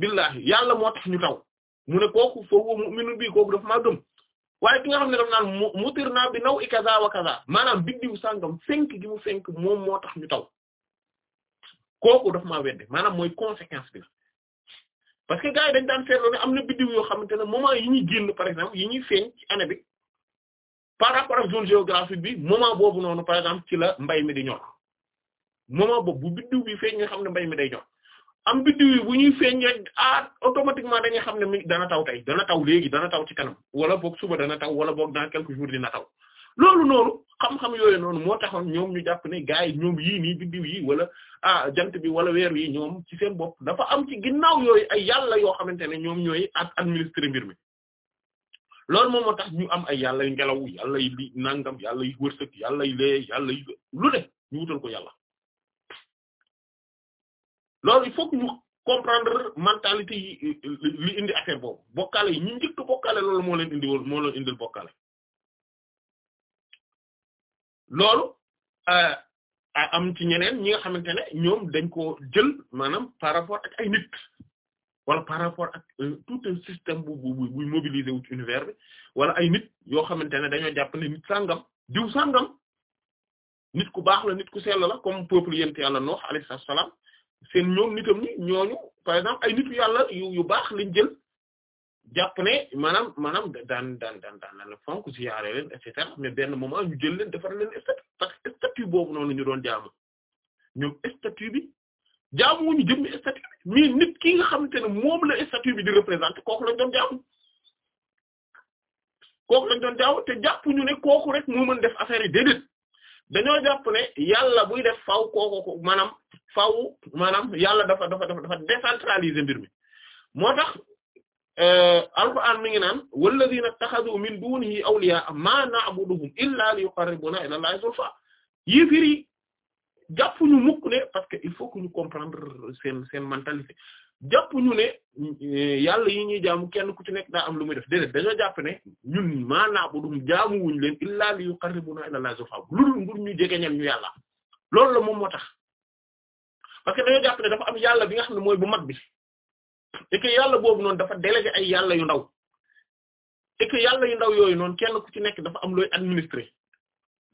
Speaker 1: billahi yàlla moo tax ñu taw mu ne kooku foofu mu'minun bi kooku dafa maa gëm waaye ki nga xam ne daf naan mutir naa bi naw i kaza wa kaza maanaam biddiw sàngam fenk gi fenk moom moo tax ñu taw kooku dafa maa weddi maanaam mooy conséquence bi parce que gars yi dañ daan seetlu ne am na biddiw yoo xamante ne moment yi ñuy génn par exemple yi ñuy feeñ bi par rapport ak zone géographique bi moment boobu noonu par exemple ci la mbay mi di ñor moment boobu bu biddiw bi feeñ nga xam ne mbay mi day ñor am biddiw yi bu ñuy feeñ rek ah automatiquement dañuy xam ne mi dana taw tey dana taw léegi dana taw ci kanam wala boog suba dana taw wala boog daan quelques jours dina taw loolu noonu xam-xam yooyu noonu moo taxoon ñoom ñu jàpp ne gars yi ñoom yi nii biddiw yi wala a ah, jant bi wala weer yi ñoom ci seen bopp dafa am ci ginnaaw yooyu ay yàlla yoo xamante ne ñoom ñooy at administrer mbir mi loolu moom moo tax ñu am ay yàlla ngelaw yàlla yu li nangam yàlla yu wërsëg yàlla yu lee yàlla lu ne ñu wutal ko yàlla loolu il faut ñu comprendre mentalité yi li indi affaire boobu bokkaale yi ñu njëkk bokkaale loolu moo leen indi woon moo indil
Speaker 2: bokkaale loolu euh,
Speaker 1: a am ci ñeneen ñi nga xamante ne ñoom dañ ko jël maanaam par rapport ak ay nit wala par rapport ak euh, tout un système bu bu buy mobiliser wu ci univers wala ay nit yoo xamante ne dañoo jàpp ne nit sàngam diw sàngam nit ku baax la nit ku sell la comme peuple yent yàlla Nuh alayhi salaam seen ñoom nitam ñi ñooñu par exemple ay nit yàlla yu yu baax lañ jël jàpp ne maanam maanaam daan daan daan daan daan fonk ziyaare leen et cetera mais benn moment ñu jël leen defar leen statut parce que statut boobu noonu ñu doon jaamo ñoom statut bi jaamu ñu jëmmi statut bi mais nit ki nga xam ne moom la statut bi di représenter kooku lañ doon jaamu kooku lañ doon jaamu te jàpp ñu ne kooku rek moo mën def affaire yi déedéet dañoo jàpp ne yàlla buy def faaw kooku maanaam faaw maanaam yàlla dafa dafa dafa dafa décentraliser mbir mi moo tax. Euh, alquran mi ngi naan walladhina ittakhadhu min dunihi awliya ma na'buduhum illa liyuqarribuna ila allahi zulfa yi firi jàpp ñu mukk ne parce que il faut que ñu comprendre seen seen mentalité jàpp ñu ne euh, yàlla yi ñuy jaamu kenn ku ci nekk daa am lu muy def déedéet dañoo jàpp ne ñu ma na'buduhum jaamu wuñ leen illa liyuqarribuna ila allahi zulfa lu dul ngur ñu jegeñal ñu yàlla loolu la moom moo tax parce que dañoo jàpp ne dafa am yàlla bi nga xam ne mooy bu mag bi et yàlla boobu noonu dafa délégué ay yàlla yu ndaw et que yàlla yu ndaw yooyu noonu kenn ku ci nekk dafa am looy administrer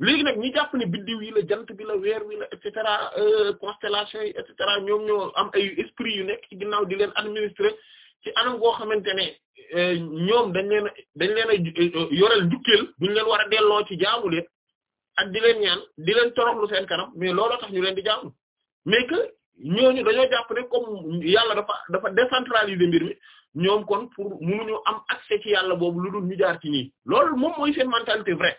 Speaker 1: léegi nag ñi jàpp ne biddiw yi la jant bi la weer wi la et cetera euh, constellation yi et cetera ñoom ñoo am ay esprit yu nekk ci ginnaaw di leen administrer ci anam goo xamante ne euh, ñoom dañ leen dañ leen a euh, yoreel njukkeel buñ leen war a delloo ci jaamu leen ak di leen ñaan di leen toroxlu seen kanam mais looloo tax ñu leen jaamu mais ñooñu dañoo jàpp ne comme yàlla dafa dafa décentraliser mbir mi ñoom kon pour mënuñu am accès ci yàlla boobu lu dul ñu jaar ci ñii loolu moom mooy seen mentalité vrai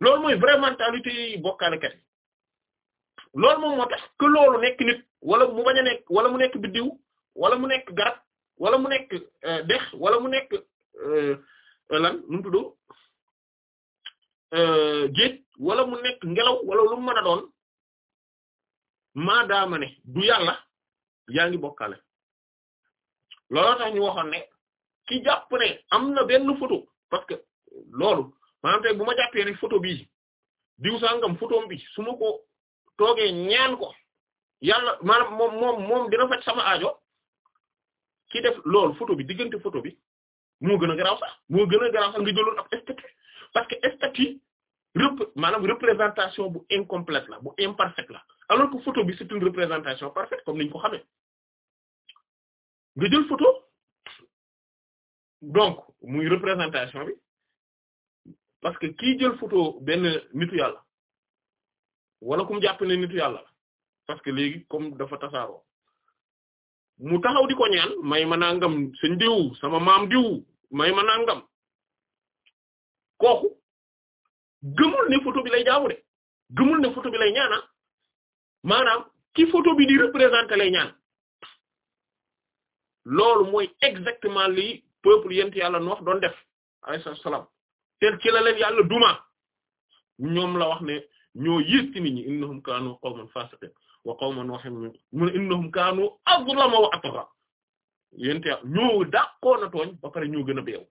Speaker 1: loolu mooy vrai mentalité yi bokkaalekat loolu moom moo tax que loolu nekk nit wala mu bañ nekk wala mu biddiw wala mu nekk garab wala mu nekk euh, dex wala mu nekk euh, lan nu mu tudd euh, wala mu nekk ngelaw wala lu mu maadaama ne du yàlla yaa ngi bokkale looloo tax ñu ki jàpp ne am na benn photo parce que loolu maanaam tey bu ma jàppee ne photo bii diw sangam photo bi su ma ko toogee ñaan ko yàlla maanaam moom moom moom dina faj sama aajo ki def loolu photo bi diggante photo bi moo gën a garaaw sax moo gën a garaaw sax nga jëloon ab statut parce que statut maanaam représentation bu incomplète la bu imparfaite la alors que photo bi c'est une représentation parfaite comme
Speaker 2: niñ ko xamee nga jël photo donc
Speaker 1: muy représentation bi parce que kii jël photo benn nitu yàlla wala ku mu jàpp ne nitu yàlla parce que léegi comme dafa tasaaroo mu taxaw di ko ñaan may ma nangam sëñ diw sama maam diw
Speaker 2: may ma nangam kooku gëmul ne photo bi lay
Speaker 1: jaamu de gëmul ne photo bi lay ñaana maanaam ci photo bi di représenter lay ñaan loolu mooy exactement li peuple yent yàlla nu wax doon def alayhi salaam te ci la leen yàlla ñoom la wax ne ñoo yées ci nit ñi innahum kaanu qawman fasiqin wa qawma nuuhin mu ne innahum kaanu azlama wa atgha yent yàlla ñoo dàqoon ba pare ñoo gën a beew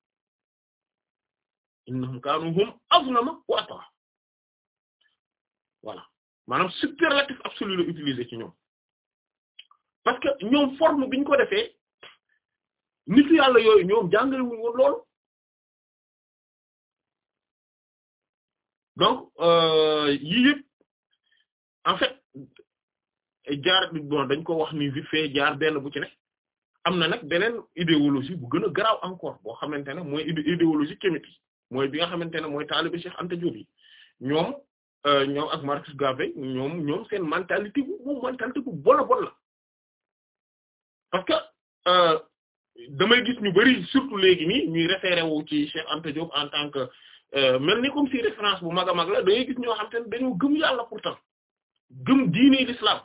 Speaker 1: innahum kaanu hum azlama wa atgha
Speaker 2: voilà maanaam superlatif absolu la utiliser ci ñoom parce que ñoom forme bi ko defee nitu yàlla yooyu ñoom jàngale wuñu woon loolu donc
Speaker 1: euh, yii yëpp fait jaar bon dañ ko wax ni vite fait jaar benn bu ci am na nag beneen idéologie bu gën a garaaw encore boo xamante ne mooy idéologie kémiti mooy bi nga xamante ne mooy taalibe Cheikh Anta Diop yi ñoom Euh, ñoom ak Marcus Garvey ñoom ñoom seen mentalité bu bu mentalité bu parce que euh, damay gis ñu bari surtout léegi nii ñuy référé wu ci Cheikh Anta en tant que euh, mel ni comme si référence bu mag a mag la dangay gis ñoo xam te ne dañoo gëm yàlla pourtant gëm diine l'islam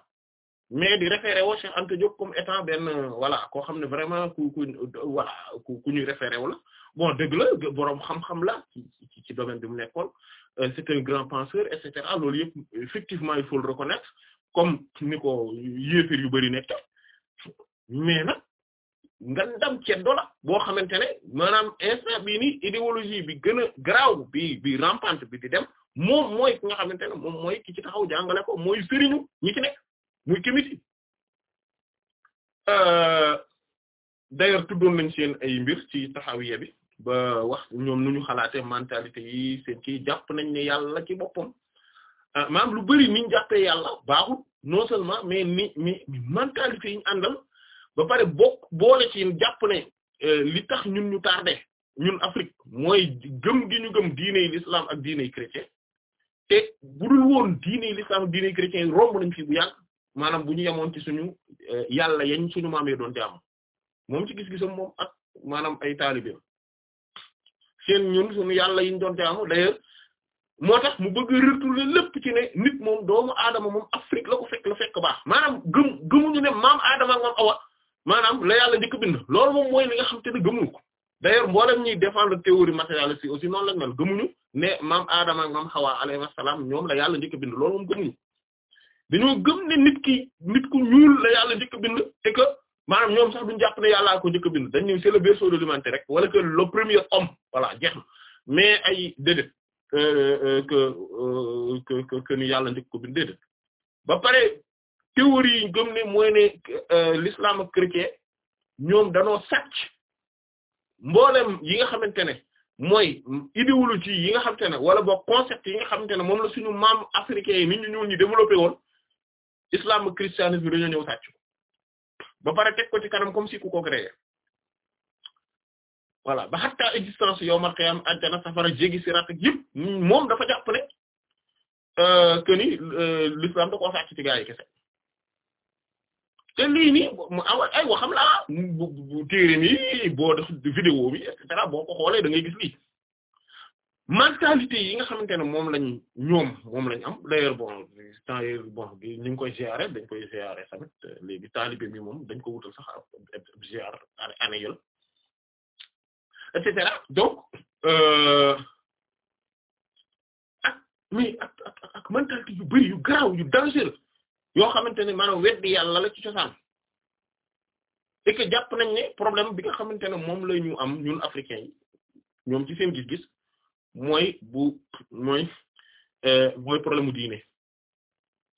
Speaker 1: mais di référé wu Cheikh Anta comme étant benn voilà koo xam ne vraiment ku ku voilà ku ñuy référé wu la bon dëgg la boroom xam-xam la ci ci domaine bi mu nekkoon Euh, c'est un grand penseur et cetera loolu yëpp effectivement il faut le comme ni ko yéefir yu bari nekk mais nag nga ndam ceddo la boo xamante ne maanaam instant bii idéologie bi gën a garaaw bi bi rampante bi di dem moom mooy ki nga xamante ne moom mooy ki ci taxaw jàngale ko mooy sëriñu ñi ci nekk muy comité euh, d'ailleurs tuddoon nañ seen ay mbir ci taxawiya bi ba wax ñoom nu ñu xalaatee mentalité yi seen kii jàpp nañ ne yàlla ci boppam ah, maam lu bari niñ jàppee yàlla baaxul non seulement mais ni mi mentalité yi ñu àndal ba pare bo boole ci jàpp ne euh, li tax ñun ñu tardé ñun Afrique mooy gëm gi ñu gëm yi l'islam ak diiney chrétien te bu dul woon diiney l'islam ak diiney chrétien romb nañ fi bu yàgg maanaam bu ñu yemoon ci suñu euh, yàlla yañ suñu maamee doon jaamu moom ci gis-gisam moom ak maanaam ay taalibeem seen ñun suñu yàlla yiñ doon jaamu d'ailleurs moo tax mu bëgg retourner lépp ci ne nit moom doomu aadama moom Afrique la ko fekk la fekk baax maanaam gëm gëmuñu ne maam aadama ak maam awa maanaam la yàlla njëkk bind loolu moom mooy li nga xam te ne gëmuñu ko d'ailleurs mboolem ñuy défendre théorie matérialiste yi aussi noonu lañ ne maam aadama ak maam xawaa alayhi salaam ñoom la yàlla njëkk bind loolu moom gëmuñu dañoo gëm ne nit ki nit ku ñuul la yàlla njëkk bind et maanaam ñoom sax duñ jàpp ne yàllaa ko njëkk a bind dañ ne c'est le berceau de rek wala que le premier homme voilà jeex mais ay déedéet que euh, euh, que que que ni yàlla njëkk ko bind déedéet ba pare théorie yi gëm ne ne euh, l'islam ak chrétien ñoom dano sàcc mboolem yi nga xamante ne mooy idéologie yi nga xamante ne wala boog concept yi nga xamante ne moom la suñu maam africain yi nit ñu ñuul ñu développé woon islam ak christianisme dañoo ñëw sàcc. ba pare teg ko ci kanam comme si ku ko créé voilà ba xatta existence yowmal qiyaam ajjana safara jégi sirat ak yëpp moom dafa jàpp ne euh, que ni euh, l'islam da ci gaa yi kese te lii nii ay waxam la bu bu téere mi vidéo bi et cetera boo ko xoolee da ngay gis lii mentalité yi nga xamante ne moom lañ ñoom moom lañ am d'ailleurs bon temps yii ñu ngi koy ziare dañ koy ziare tamit léegi taalibe bi moom dañ ko wutal sax ab ziar année yële et cetera donc euh, ak mais ak ak mentalité yu bari yu garaaw yu dangereux yoo xamante ne maanaam weddi yàlla la ci cosaan et jàpp nañ ne problème bi nga xamante ne moom la ñu am ñun africains yi ñoom ci seen gis-gis. mooy bu mooy euh, mooy problème mu diine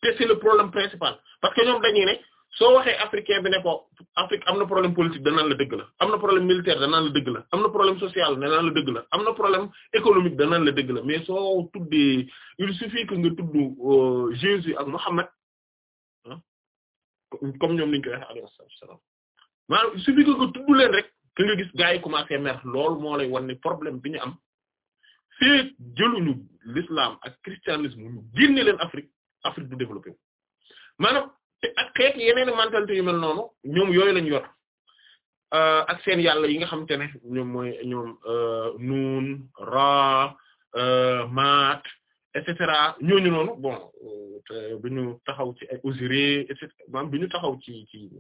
Speaker 1: te c'est le problème principal parce que ñoom dañuy ne soo waxee africain ne ko Afrique am na problème politique danaan la dëgg la am na problème militaire danaan la dëgg la am na problème social danaan la dëgg la am na problème économique danaan la dëgg soo tuddee il suffit que nga tudd euh, Jésus ak Mohammed ah comme ñoom niñ koy waxee alayhi salaam maanaam il suffit que nga tudd leen rek que nga gis gars yi commencé mer loolu moo lay wan ne problème bi ñu am. fii jëluñu l'islam ak christianisme ñu génne leen Afrique Afrique du développé maanaam ak xeet yeneen mentalité yu mel noonu ñoom yooyu lañ yor euh, ak seen yàlla yi nga xamante ne ñoom mooy ñoom euh, nuun ra euh, maat et cetera ñooñu noonu bon bi ñu taxaw ci ay Osiré et bi ñu taxaw ci ci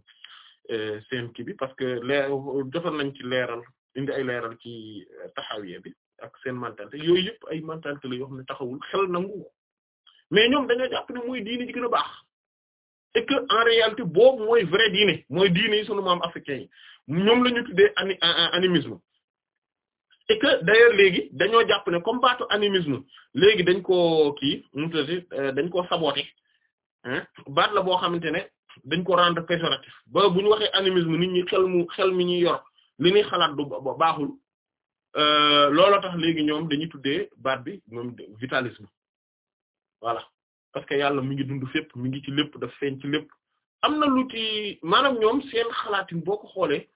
Speaker 1: seen kii bi parce que leer jotoon nañ ci leeral indi ay leeral ci taxawiya bi ak seen mentalité yooyu yëpp ay mentalité la yoo xam ne taxawul xel nangu mais ñoom dañoo jàpp ne mooy diine ji gën baax et que en réalité boobu mooy vrai diine mooy diine yi sunu maam africain yi ñoom lañu ñu tuddee ani animisme et que d'ailleurs léegi dañoo jàpp ne comme baatu animisme léegi dañ koo kii mutati euh, dañ koo saboté baat la boo xamante ne dañ ko rendre péjoratif ba bu ñu waxee animisme nit ñi xel mu xel mi ñuy yor li ñuy xalaat du baaxul Euh, looloo tax léegi ñoom dañuy tuddee baat bi moom vitalisme voilà parce que yàlla mi ngi dund fépp mi ngi ci lépp daf feeñ ci lépp am na lu ci maanaam ñoom seen xalaatin boo ko xoolee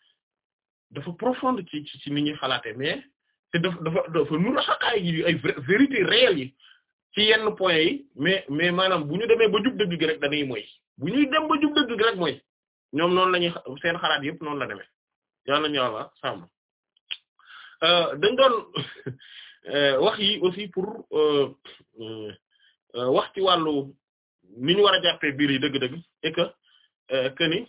Speaker 1: dafa profonde ci ci ni ñuy xalaatee mais te dafa dafa dafa nuru xaqaay yi ay vérité réelle yi ci yenn point yi mais mais maanaam bu ñu demee ba jub dëgg gi rek dañuy mooy bu ñuy dem ba jub dëgg rek mooy ñoom noonu la ñuy seen xalaat yëpp noonu la demee yàlla ñu yàlla sàmm Euh, dañ doon <laughs> euh, wax yi aussi pour euh, wax ci wàllu ni ñu war a jàppee biir yi dëgg-dëgg et que que ni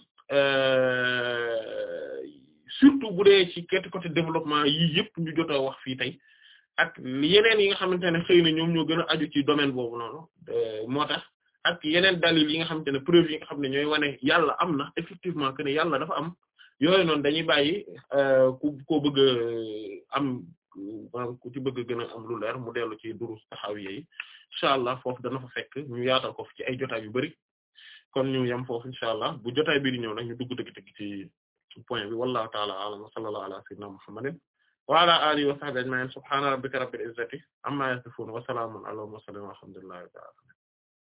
Speaker 1: surtout bu dee ci kett côté développement yi yëpp ñu jot a wax fii tey ak yeneen yi nga xamante ne xëy na ñoom ñoo gën a aju ci domaine boobu noonu moo tax ak yeneen dalil yi nga xamante ne preuve yi nga xam ne ñooy wane yàlla am na effectivement que ne yàlla dafa am yooyu noonu dañuy bàyyi euh, ku ko bëgg euh, am ku ci bëgg gën a am lu leer mu dellu ci durus taxawiya yi incha allah foofu dana fa fekk ñu yaatal ko ci ay jotaay yu bari kon ñu yam foofu incha allah bu jotaay bi di ñëw nag ñu dugg dëgg-dëgg ci point bi wallahu ta'ala a'lam wa sallallahu ala sayyidina muhammadin wa ala alihi wa sahbihi ajma'in subhana rabbika rabbil izzati amma yasifun wa salamun ala mursalin walhamdulillahi rabbil
Speaker 2: alamin